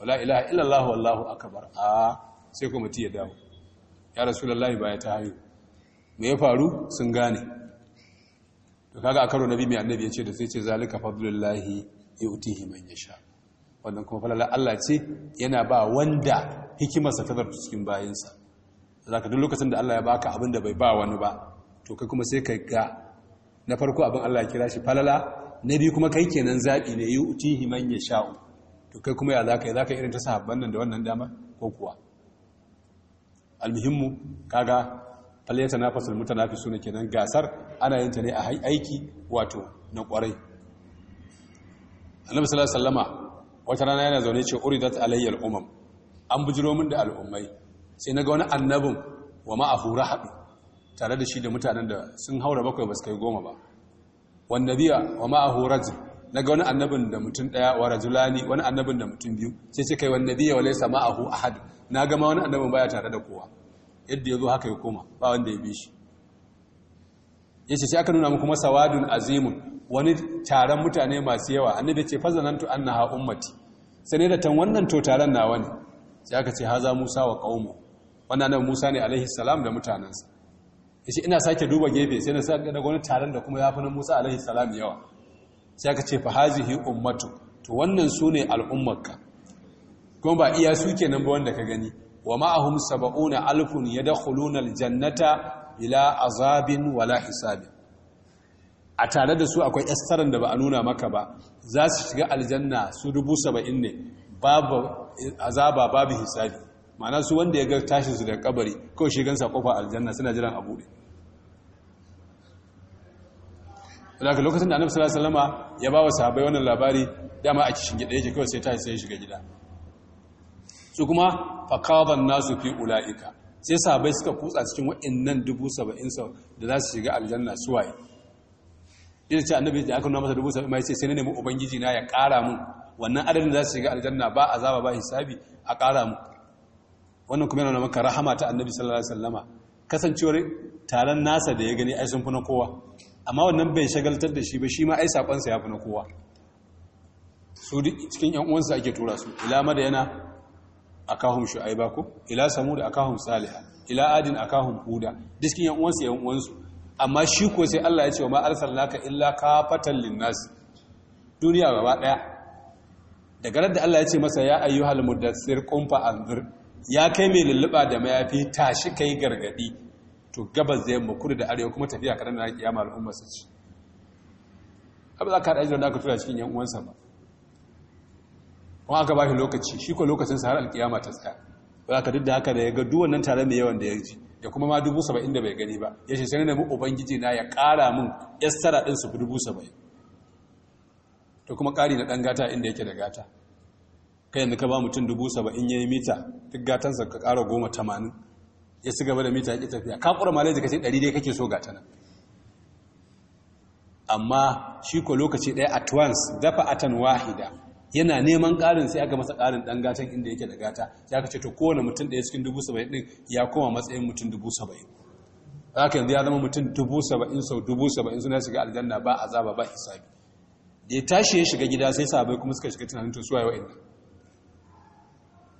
wala ilaha illallah wallahu akbar a sai kuma ya dawo ya baya ta hayo me ya faru sun gane to kaga a karo nabi mai annabi ya ce da sai ce zalika uti yu'tihi man yasha wannan kuma falala Allah ce yana ba wanda hikimarsa ta zartu cikin bayinsa zaka duk lokacin da Allah ya baka abin da bai ba wani ba to kai kuma sai kai ga na farko abin Allah ya kira shi falala na biyu kuma kai kenan zaɓi ne yi uti himan ya sha'u to kai kuma ya za ka za ka irin ta sahabban nan da wannan dama ko kuwa almuhimmu kaga falyata na fasal mutana fi suna kenan gasar ana yin ta ne a aiki wato na kwarai annabi sallallahu alaihi wasallama wata rana yana zaune ce uridat alayya umam an bujiro min da al'ummai sai na ga wani annabin wa ma'ahu rahabi tare da shi da mutanen da sun haura bakwai ba su kai goma ba wanda biya wa ma'ahu raji na ga wani annabin da mutum ɗaya wa rajulani wani annabin da mutum biyu sai ce kai wanda biya wa laisa ma'ahu ahad na gama wani annabin baya tare da kowa yadda ya zo haka ya koma ba wanda ya bi shi ya ce sai aka nuna mu kuma sawadun azimun wani taron mutane masu yawa annabi ce fazanantu annaha ummati sai ne da tan wannan to taron nawa ne sai aka ce haza musa wa qaumu wannan annabi musa ne alaihi salam da mutanansa yace ina sake duba gefe sai na sake daga wani taron da kuma fi na Musa alaihi salam yawa sai aka ce fa ummatu to wannan su ne al'ummarka kuma ba iya su nan ba wanda ka gani wa ma'ahum sab'una alfun ya da yadkhuluna jannata bila azabin wala hisabin a tare da su akwai estaran da ba a nuna maka ba za su shiga aljanna su dubu saba'in ne babu azaba babu hisabi ma'ana su wanda ya ga tashinsu su daga kabari kawai shi gansa kofa aljanna suna jiran a buɗe daga lokacin da annabi sallallahu alaihi wasallama ya ba wa sahabbai wannan labari dama a cikin gida yake kawai sai tashi sai shiga gida su kuma faqadan nasu fi ulaika sai sahabbai suka kutsa cikin wa'annan 70,000 da za su shiga aljanna waye ina ce annabi da aka nuna masa saba'in mai sai sai ne nemi ubangiji na ya ƙara mun wannan adadin za su shiga aljanna ba azaba ba hisabi a ƙara mun wannan kuma yana maka rahama ta annabi sallallahu alaihi wasallama kasancewar taron nasa da ya gani ai sun fi na kowa amma wannan bai shagaltar da shi ba shi ma ai sakonsa ya fi na kowa su duk cikin yan uwansa ake tura su ila yana akahum shu'aiba ko ila samud akahum salihah ila adin akahum huda duk cikin yan uwansa yan uwansu amma shi ko sai Allah ya ce wa ma arsalnaka illa kafatan linnas duniya gaba daya daga da Allah ya ce masa ya ayyuhal mudaththir qum fa anzir ya kai mai lulluɓa da mayafi tashi kai gargadi to gabas zai yamma da arewa kuma tafiya kadan da ma al'umma su ci abu za ka haɗa ajiyar da aka tura cikin yan uwansa ba kuma aka ba shi lokaci shi ko lokacin sa har alkiyama ta tsaya ba ka duk da haka da ya ga duwannan tare mai yawan da ya ji da kuma ma dubu saba'in da bai gani ba ya ce sai na nemi ubangiji na ya ƙara min yassara ɗin su dubu saba'in to kuma ƙari na ɗan gata inda yake da gata kai yanzu ka ba mutum dubu saba'in ya yi mita duk gatansa ka ƙara goma tamanin ya ci gaba da mita ya ƙi tafiya ka ƙura malai ka ce ɗari dai kake so gata nan amma shi ko lokaci ɗaya at once dafa atan wahida yana neman ƙarin sai aka masa ƙarin ɗan gatan inda yake da gata sai aka ce to kowane mutum ɗaya cikin dubu saba'in ɗin ya koma matsayin mutum dubu saba'in haka yanzu ya zama mutum dubu saba'in sau dubu saba'in suna shiga aljanna ba azaba ba hisabi da ya tashi ya shiga gida sai sabai kuma suka shiga tunanin to suwaye wa'in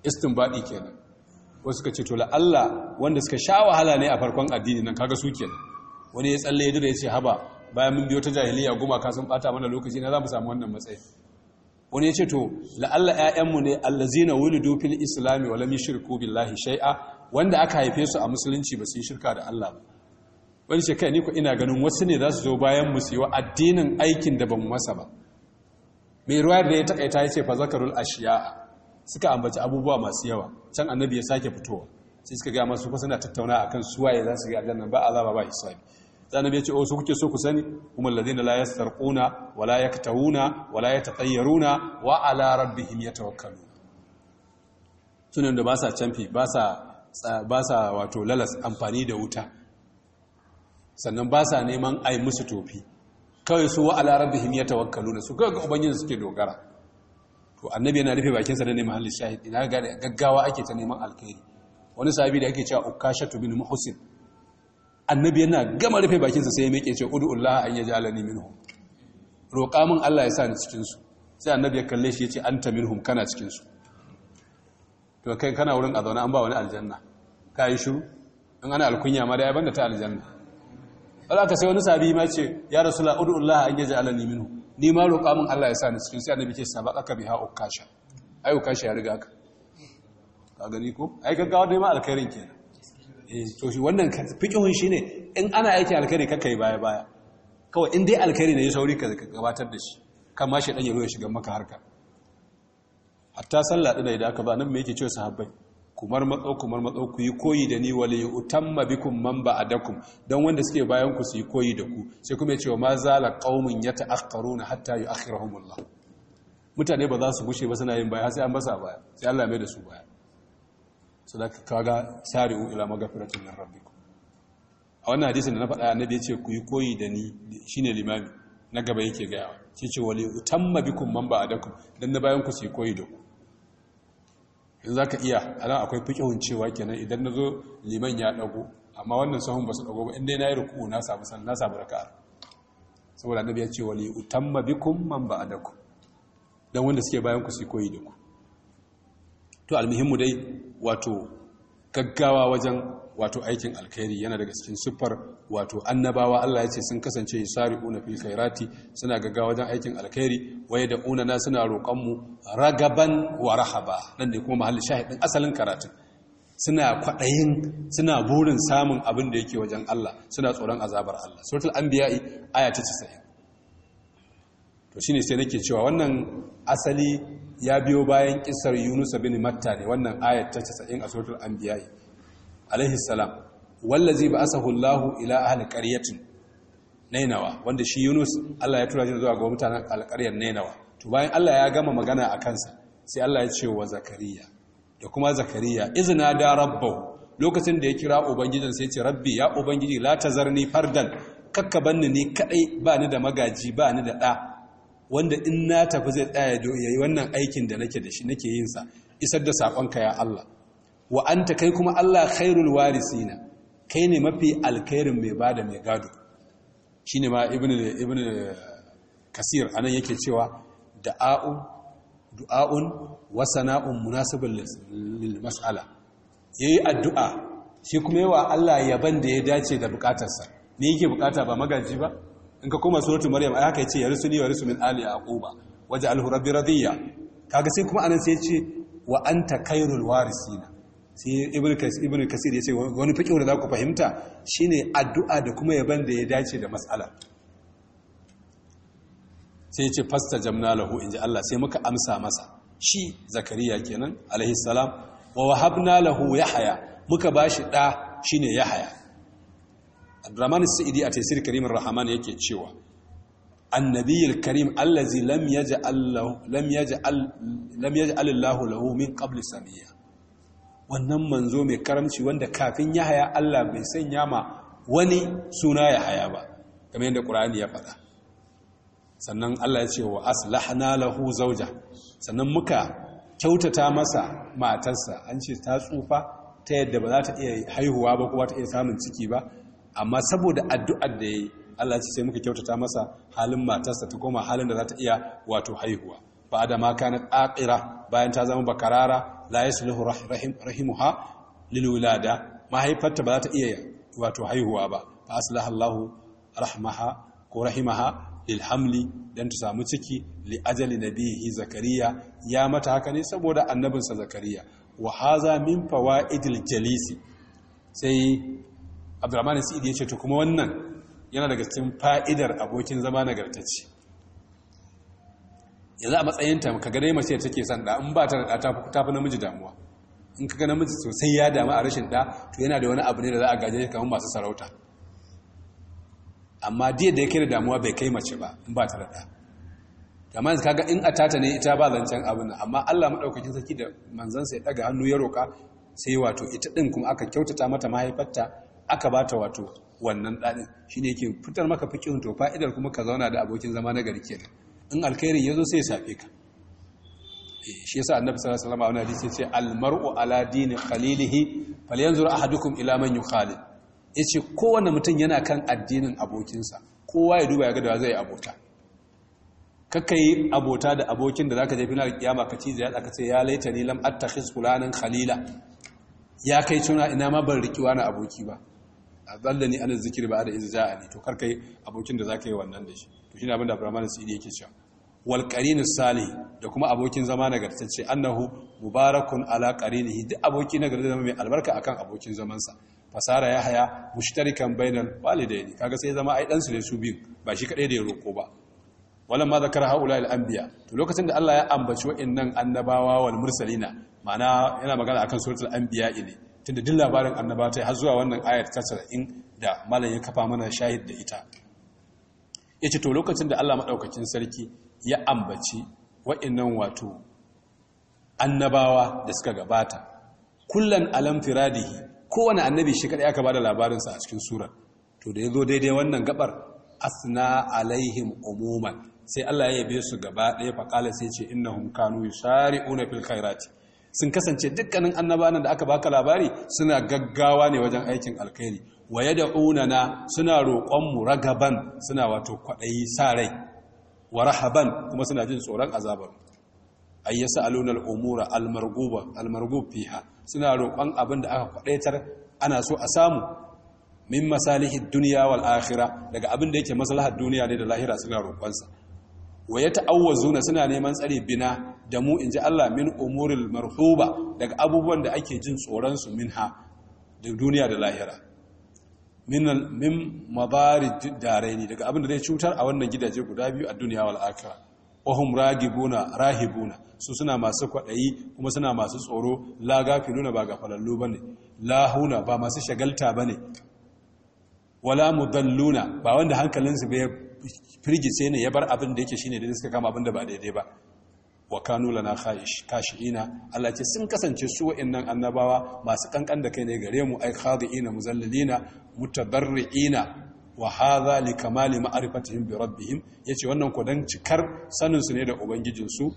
istinbadi kenan wasu ka ce to Allah wanda suka sha wahala ne a farkon addini nan kaga su kenan wani ya tsalle ya dira ya ce haba bayan mun biyo ta jahiliya ka sun bata mana lokaci na za mu samu wannan matsayi wani ya ce to la'alla 'ya'yanmu ne allazina wulidu fil islami wa lam yushriku billahi shai'a wanda aka haife su a musulunci ba su yi shirka da Allah ba wani ce kai ni ko ina ganin wasu ne za su zo bayan mu siyo addinin aikin da ba mu masa ba mai ruwa da ya takaita ya ce fa zakarul ashiya'a suka ambaci abubuwa masu yawa can annabi ya sake fitowa sai suka gama masu kusa na tattauna akan suwaye za su ga aljanna ba azaba ba hisabi sai annabi ya ce o oh, su kuke so ku sani kuma na la yastarquna wa la yaktawuna wa la yatatayyaruna wa ala rabbihim yatawakkalun sunan da ba sa canfi ba sa wato lalas amfani da wuta sannan ba sa neman ai musu tofi kawai su wa ala rabbihim yatawakkaluna su ga ubangiji suke dogara to annabi yana rufe bakinsa da neman halin shahid ina gaggawa ake ta neman alkhairi wani sahabi da ake cewa ukashatu bin muhsin annabi yana gama rufe bakinsa sai ya miƙe ce ullaha an yaj'alani minhum roƙa min Allah ya sa ni cikin su sai annabi ya kalle shi ya ce anta minhum kana cikin su to kai kana wurin a an ba wani aljanna ka yi in ana alkunya ma da ya banda ta aljanna Allah ka sai wani sahabi ma ce ya udu ullaha an yaj'alani minhum ni ma roƙa min Allah ya sa ni cikin sai annabi ce sabaqaka biha ukasha ai ukasha ya riga ka ka gani ko ai ga dai ma alkhairin kenan eh to shi wannan fikihun shine in ana aiki alkhairi kakai baya baya kawai in dai alkhairi ne ya sauri ka gabatar da shi ma shi dan ya zo ya shiga maka harka hatta sallah dinai da aka ba nan me yake cewa sahabbai kumar matso kumar matso ku yi koyi da ni wali utamma bikum man ba'adakum Don wanda suke bayan ku su yi koyi da ku sai kuma ya ce wa ma zala qaumun yata'akhkharuna hatta yu'akhirahumullah mutane ba za su gushe ba suna yin baya sai an basa baya sai Allah mai da su baya so da kaga sari'u ila magfiratin min rabbikum a wannan hadisin da na faɗa annabi ya ce ku yi koyi da ni shine limami na gaba yake gaya ce ce wali utamma bikum man ba'adakum dan na bayan ku su yi koyi da ku in za ka iya ala akwai fikihun cewa kenan idan na zo liman ya ɗago amma wannan sahun ba su ɗago ba inda na yi ruku na samu san na samu raka'a saboda annabi ya ce wa li utamma bikum man ba'adakum dan wanda suke bayan ku su koyi da ku to almuhimmu dai wato gaggawa wajen wato aikin alkhairi yana daga cikin siffar wato annabawa Allah ya ce sun kasance yusari'una fil khairati suna gaggawa wajen aikin alkhairi waye da una suna roƙon mu ragaban wa rahaba nan ne kuma mahallin shahidin asalin karatu. suna kwaɗayin suna burin samun abin da yake wajen Allah suna tsoron azabar Allah suratul anbiya aya ta 90 to shine sai nake cewa wannan asali ya biyo bayan kisar Yunus bin Matta ne wannan aya ta 90 a suratul anbiya alaihi salam wallazi ba'asahu Allahu ila ahli qaryatin nainawa wanda shi Yunus Allah ya tura shi zuwa ga mutanen alƙaryar nainawa to bayan Allah ya gama magana a kansa sai Allah ya ce wa Zakariya da kuma Zakariya izina da rabbahu lokacin da ya kira ubangijin sai ya ce rabbi ya ubangiji la tazarni fardan kakka banni ni kadai ba ni da magaji ba ni da da wanda in na tafi zai tsaya ya yi wannan aikin da nake da shi nake yin sa isar da sakonka ya Allah wa ta kai kuma Allah khairul na, kai ne mafi alkhairin mai bada mai gado ne ma ibn kasir anan yake cewa da'a'u du'a'un wa sana'un munasibun lil mas'ala addu'a shi kuma yawa Allah yaban da ya dace da bukatarsa ne yake bukata ba magaji ba in ka koma suratul maryam ai haka yace yarisuni wa min ali yaquba waj'alhu rabbi radiya kaga sai kuma anan sai yace wa anta khairul warisina sai ibn kasir ya ce wani fiƙi da za ku fahimta shine addu'a da kuma yaban da ya dace da matsala sai ce fasta jamna lahu in ji Allah sai muka amsa masa shi zakariya kenan alaihi salam wa wahabna lahu haya muka bashi da shine yahya Abdurrahman Sa'idi a tasiri karimin Rahman yake cewa annabiyyar karim allazi lam yaj'al lam yaj'al allahu lahu min qabli samiyya wannan manzo mai karamci wanda kafin ya haya Allah bai sanya ma wani suna ya haya ba kamar yadda ƙur'ani ya faɗa sannan Allah ya ce wa aslahna lahu zauja sannan muka kyautata masa matarsa an ce ta tsufa ta yadda ba za ta iya haihuwa ba kuma ta iya samun ciki ba amma saboda addu'ar da yayi Allah ce sai muka kyautata masa halin matarsa ta koma halin da za ta iya wato haihuwa ba da ma kana aqira bayan ta zama bakarara la yasluhu rahim rahimuha lil mahaifarta ba za ta iya wato haihuwa ba fa aslaha Allahu rahmaha ko rahimaha lil dan ta samu ciki li ajali nabihi zakariya ya mata haka ne saboda annabinsa zakariya wa haza min fawaidil jalisi sai abdurrahman sidi ya ce to kuma wannan yana daga cikin fa'idar abokin zama nagartacce yanzu a ta ka ga dai mace take son da in ba ta da ta fi namiji damuwa in ka gane namiji sosai ya damu a rashin da to yana da wani abu ne da za a gaje shi kamar masu sarauta amma diya da yake da damuwa bai kai mace ba in ba ta da da amma yanzu kaga in a tata ne ita ba zancen abin amma Allah madaukakin sarki da manzansa ya daga hannu ya roka sai wato ita din kuma aka kyautata mata mahaifarta aka ba ta wato wannan dadin shine yake fitar maka fikin to fa'idar kuma ka zauna da abokin zama na gari kenan in alkhairi ya zo sai ya safe ka eh, shi yasa annabi sallallahu alaihi wasallam a wani hadisi ce almar'u ala dini khalilihi falyanzur ahadukum ila man yukhalil yace kowanne mutum yana kan addinin abokinsa kowa ya duba ya ga da zai abota kaka yi abota da abokin da zaka je Fina kiyama ka ci zai ka ce ya laita ni lam attakhiz fulanan khalila ya kai tuna ina ma ban riki wani aboki ba azallani ana zikir ba da izza ali to karkai abokin da zaka yi wannan da shi shi shine abin da Abdurrahman ne yake cewa wal sali da kuma abokin zama na nagartacce annahu mubarakun ala qarinihi duk aboki na zama mai albarka akan abokin zamansa fasara ya haya mushtarikan bainar walidaini kaga sai zama ai dan su ne su biyu ba shi kadai da ya roko ba walan ma zakara haula al anbiya to lokacin da Allah ya ambaci wa'annan annabawa wal mursalina ma'ana yana magana akan suratul anbiya ne tunda duk labarin annabawa har zuwa wannan ayat ta in, da malam ya kafa mana shahid da ita ya ce to lokacin da Allah maɗaukacin sarki ya ambaci wa'innan wato annabawa da suka gabata kullan alam firadihi kowane annabi shi kaɗai aka ba da labarinsa a cikin sura to da ya zo daidai wannan gabar asna alaihim umuman sai Allah ya yabe su gaba ɗaya faƙala sai ce innahum kanu una fil khairati sun kasance dukkanin annabawan da aka baka labari suna gaggawa ne wajen aikin alkhairi wa yad'unana suna mu ragaban suna wato kwaɗayi sarai, rai wa rahaban kuma suna jin tsoron azabar ayyasa Alunar al-umura al al fiha suna roƙon abin da aka kwadaitar ana so a samu min masalihi dunya wal daga abin da yake maslahar duniya ne da lahira suna roƙonsa wa ya ta'awwazuna suna neman tsare bina da mu inji Allah min umuril marhuba daga abubuwan da ake jin tsoron su minha da duniya da lahira min min dare daraini daga abin da zai cutar a wannan gidaje guda biyu a duniya wal akhirah wahum ragibuna rahibuna su suna masu kwaɗayi kuma suna masu tsoro la gafiluna ba gafalallu ba ne Lahuna ba masu shagalta ba ne wala mudalluna ba wanda hankalinsu bai firgice ne ya bar abin da yake shine da suka kama abin da ba daidai ba wa kanu lana kashina Allah ce sun kasance su wa'annan annabawa masu kankan da kai ne gare mu ai khadiina muzallilina mutadarriina wa hadha li kamali ma'rifatihim bi rabbihim yace wannan ko dan cikar sanin su ne da ubangijin su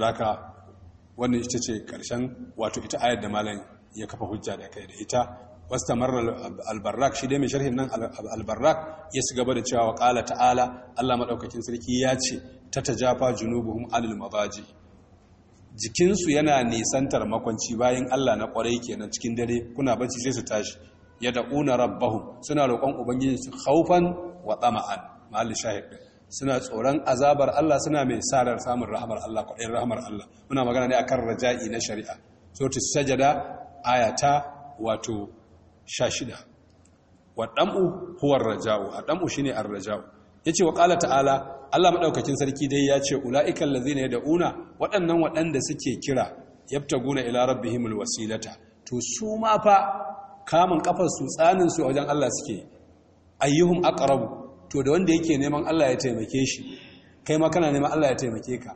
daka wannan ita ce karshen wato ita ayar da malam ya kafa hujja da kai da ita wastamar albarrak shi dai mai sharhin nan albarrak ya su gaba da cewa wa ta'ala Allah maɗaukakin sarki ya ce ta tajafa junubuhum alil mabaji jikinsu yana nisantar makwanci bayan Allah na ƙwarai kenan cikin dare kuna bacci sai su tashi ya da'una rabbahum suna roƙon su haufan wa tsama'an mahallin shahid suna tsoron azabar Allah suna mai sarar samun rahamar Allah kwaɗayin rahamar Allah muna magana ne a kan raja'i na shari'a ta sajada ayata wato sha shida huwar raja'u a shi ne raja'u ya ce wa ƙala ta'ala allah maɗaukakin sarki dai ya ce ula'ikan lazina da da'una? waɗannan waɗanda suke kira yabtaguna ila rabbihimul wasilata to su ma fa kamun kafar su tsanin su a wajen Allah suke ayyuhum aqrabu to da wanda yake neman Allah ya taimake shi kai ma kana neman Allah ya taimake ka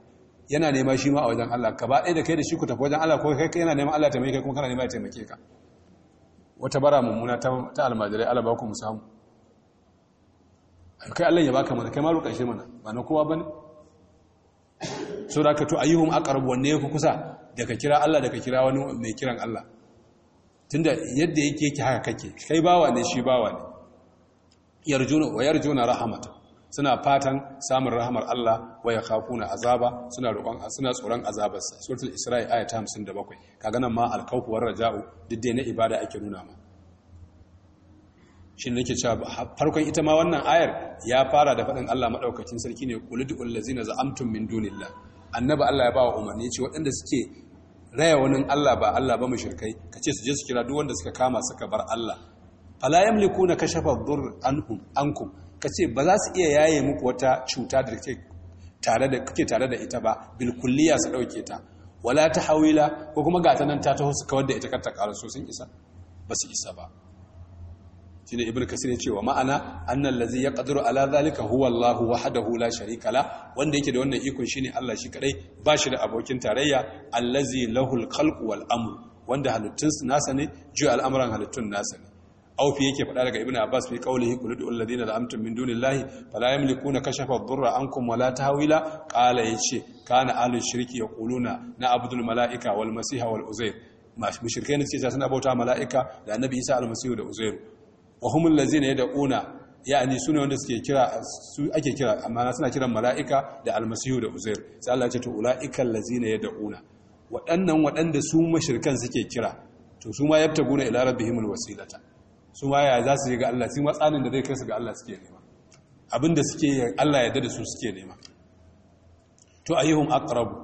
yana nema shi ma a wajen Allah ka ba ɗaya da kai da shi ku tafi wajen Allah ko kai yana neman Allah ya taimake kai kuma kana neman ya taimake ka wata bara mummuna ta almajirai ala baku mu samu kai Allah ya baka mana kai ma roƙa shi mana ba na kowa ba ne? so da ka to hun aqrab wanne ya fi kusa da ka kira Allah da ka kira wani mai kiran Allah tunda yadda yake yake haka kake kai bawa ne shi bawa ne yarjuna wa suna fatan samun rahamar Allah waya kafuna. azaba suna roƙon suna tsoron sa suratul isra'i aya ta 57 kaga nan ma alkawfu war raja'u duk dai na ibada ake nuna ma Shin nake cewa farkon ita ma wannan ayar ya fara da faɗin Allah madaukakin sarki ne qulidul ladzina za'amtum min dunillah annabi Allah ya bawa umarni ce waɗanda suke raya wani Allah ba Allah ba mushrikai kace su je su kira duk wanda suka kama suka bar Allah fala yamlikuna kashafa dhurr anhum ankum ka ce ba za su iya yaye muku wata cuta da kuke tare da ita ba bilkulliya su ɗauke ta wala ta hawila ko kuma gata nan ta taho su kawar da ita karta ƙarar so sun isa ba su isa ba shi ne ibn kasir ya ce wa ma'ana annan lazi ya ƙaduru ala zalika huwa allahu hula, la sharika la wanda yake da wannan ikon shine allah shi kadai ba shi da abokin tarayya allazi lahul khalqu wal amru wanda halittun nasa ne juya al'amuran halittun nasa ne aufi yake faɗa daga Ibn abbas fi qawlihi qul ud'u alladhina la'amtum min dunillahi fala yamlikuna kashafa ad-durra ankum wala tahwila qala yace kana ahli shirki yaquluna na abdul malaika wal masiha wal uzair mushrikai ne suke suna bauta malaika da annabi isa al masih da uzair wa hum ladzina yad'una yani sune wanda suke kira su ake kira amma suna kiran malaika da al masih da uzair sai Allah ya ce to ulaika allazina yad'una waɗannan waɗanda su mashirkan suke kira to su ma yabtaguna ila rabbihimul wasilata su ma ya za su yi ga Allah su ma da zai kai su ga Allah suke nema abinda suke Allah ya da su suke nema to ayyuhum aqrabu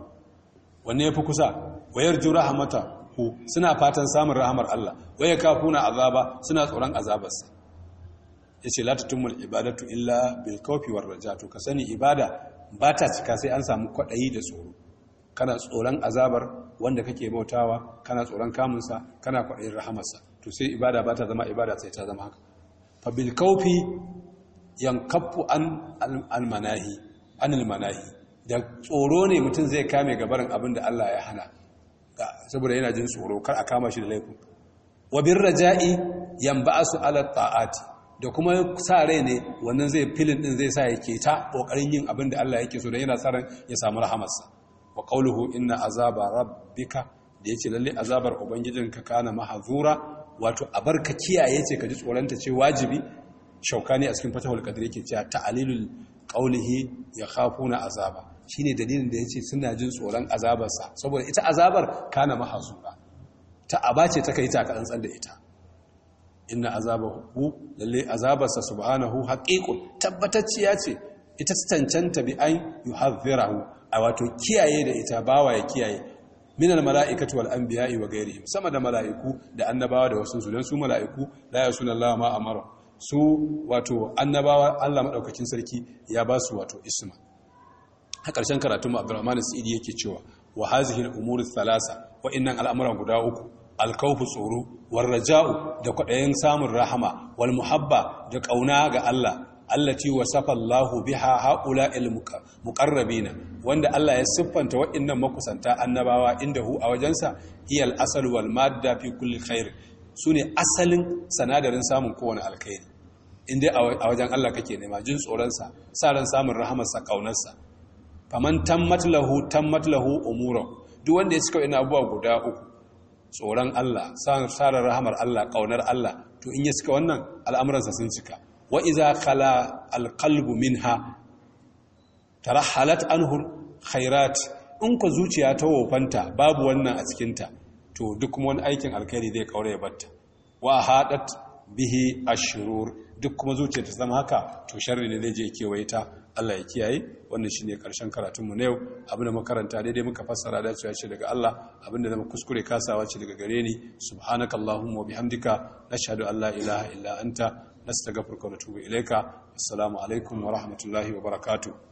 wanne yafi kusa wayar ju rahmata ku suna fatan samun rahamar Allah waya kafuna azaba suna tsoron azabarsa yace la tatumul ibadatu illa bil khawfi war rajatu ka sani ibada ba ta cika sai an samu kwaɗayi da tsoro kana tsoron azabar wanda kake bautawa kana tsoron kamunsa kana kwadayin rahamarsa to sai ibada ba ta zama ibada sai ta zama haka fa bil kaufi yankafu an almanahi an almanahi da tsoro ne mutum zai kame gabarin abin da Allah ya hana saboda yana jin tsoro kar a kama shi da laifin wa bir raja'i yanba'su ala ta'ati da kuma sa rai ne wannan zai filin din zai sa yake ta kokarin yin abin da Allah yake so da yana sa ran ya samu rahamarsa wa qawluhu inna azaba rabbika da yace lalle azabar ubangijinka kana mahazura wato a ka kiyaye ce ka ji tsoranta ce wajibi Shauka ne a cikin fatahul qadir yake cewa ta'alilul qawlihi yakhafuna azaba shine dalilin da ya ce suna jin tsoron azabarsa saboda ita azabar kana mahazura ta abace ta kai ta ka tsantsan da ita inna azabahu lalle azabarsa subhanahu haqiqun tabbatacciya ce ita tantanta bi an yuhadhirahu a wato kiyaye da ita bawa ya kiyaye min almala'ikati wal anbiya'i wa ghayrihim sama da mala'iku da annabawa da wasu su dan su mala'iku la yasuna ma amara su wato annabawa Allah madaukakin sarki ya ba su wato isma a ƙarshen karatun Abdurrahman Sa'idi yake cewa wa hazihi al-umuru thalasa wa innan guda uku alkaufu tsoro raja'u da kwaɗayin samun rahama wal muhabba da ƙauna ga Allah allati wasafa Allahu biha haula al-muqarrabina wanda Allah ya siffanta waɗannan makusanta annabawa inda hu a wajensa iyal asal wal madda fi kulli khair sune asalin sanadarin samun kowane alkhairi inda a wajen Allah kake nema jin tsoron sa sa ran samun rahamar sa kaunar sa faman tammat lahu tammat lahu umura duk wanda ya cika ina abubuwa guda uku tsoron Allah sa ran rahamar Allah kaunar Allah to in ya cika wannan al'amuransa sun cika wa iza khala alqalbu minha tarahalat anhu khairat in ku zuciya ta wofanta babu wannan a ta to duk wani aikin alkhairi zai kaure ya batta wa hadat bihi ashurur duk kuma zuciya ta zama haka to sharri ne zai je kewaye ta Allah ya kiyaye wannan shine karshen karatunmu na yau abinda makaranta daidai muka fassara da cewa ce daga Allah abinda zama kuskure kasawa ce daga gare ni subhanakallahumma wa bihamdika nashhadu an la ilaha illa anta nastaghfiruka wa natubu ilaika assalamu alaikum wa rahmatullahi wa barakatuh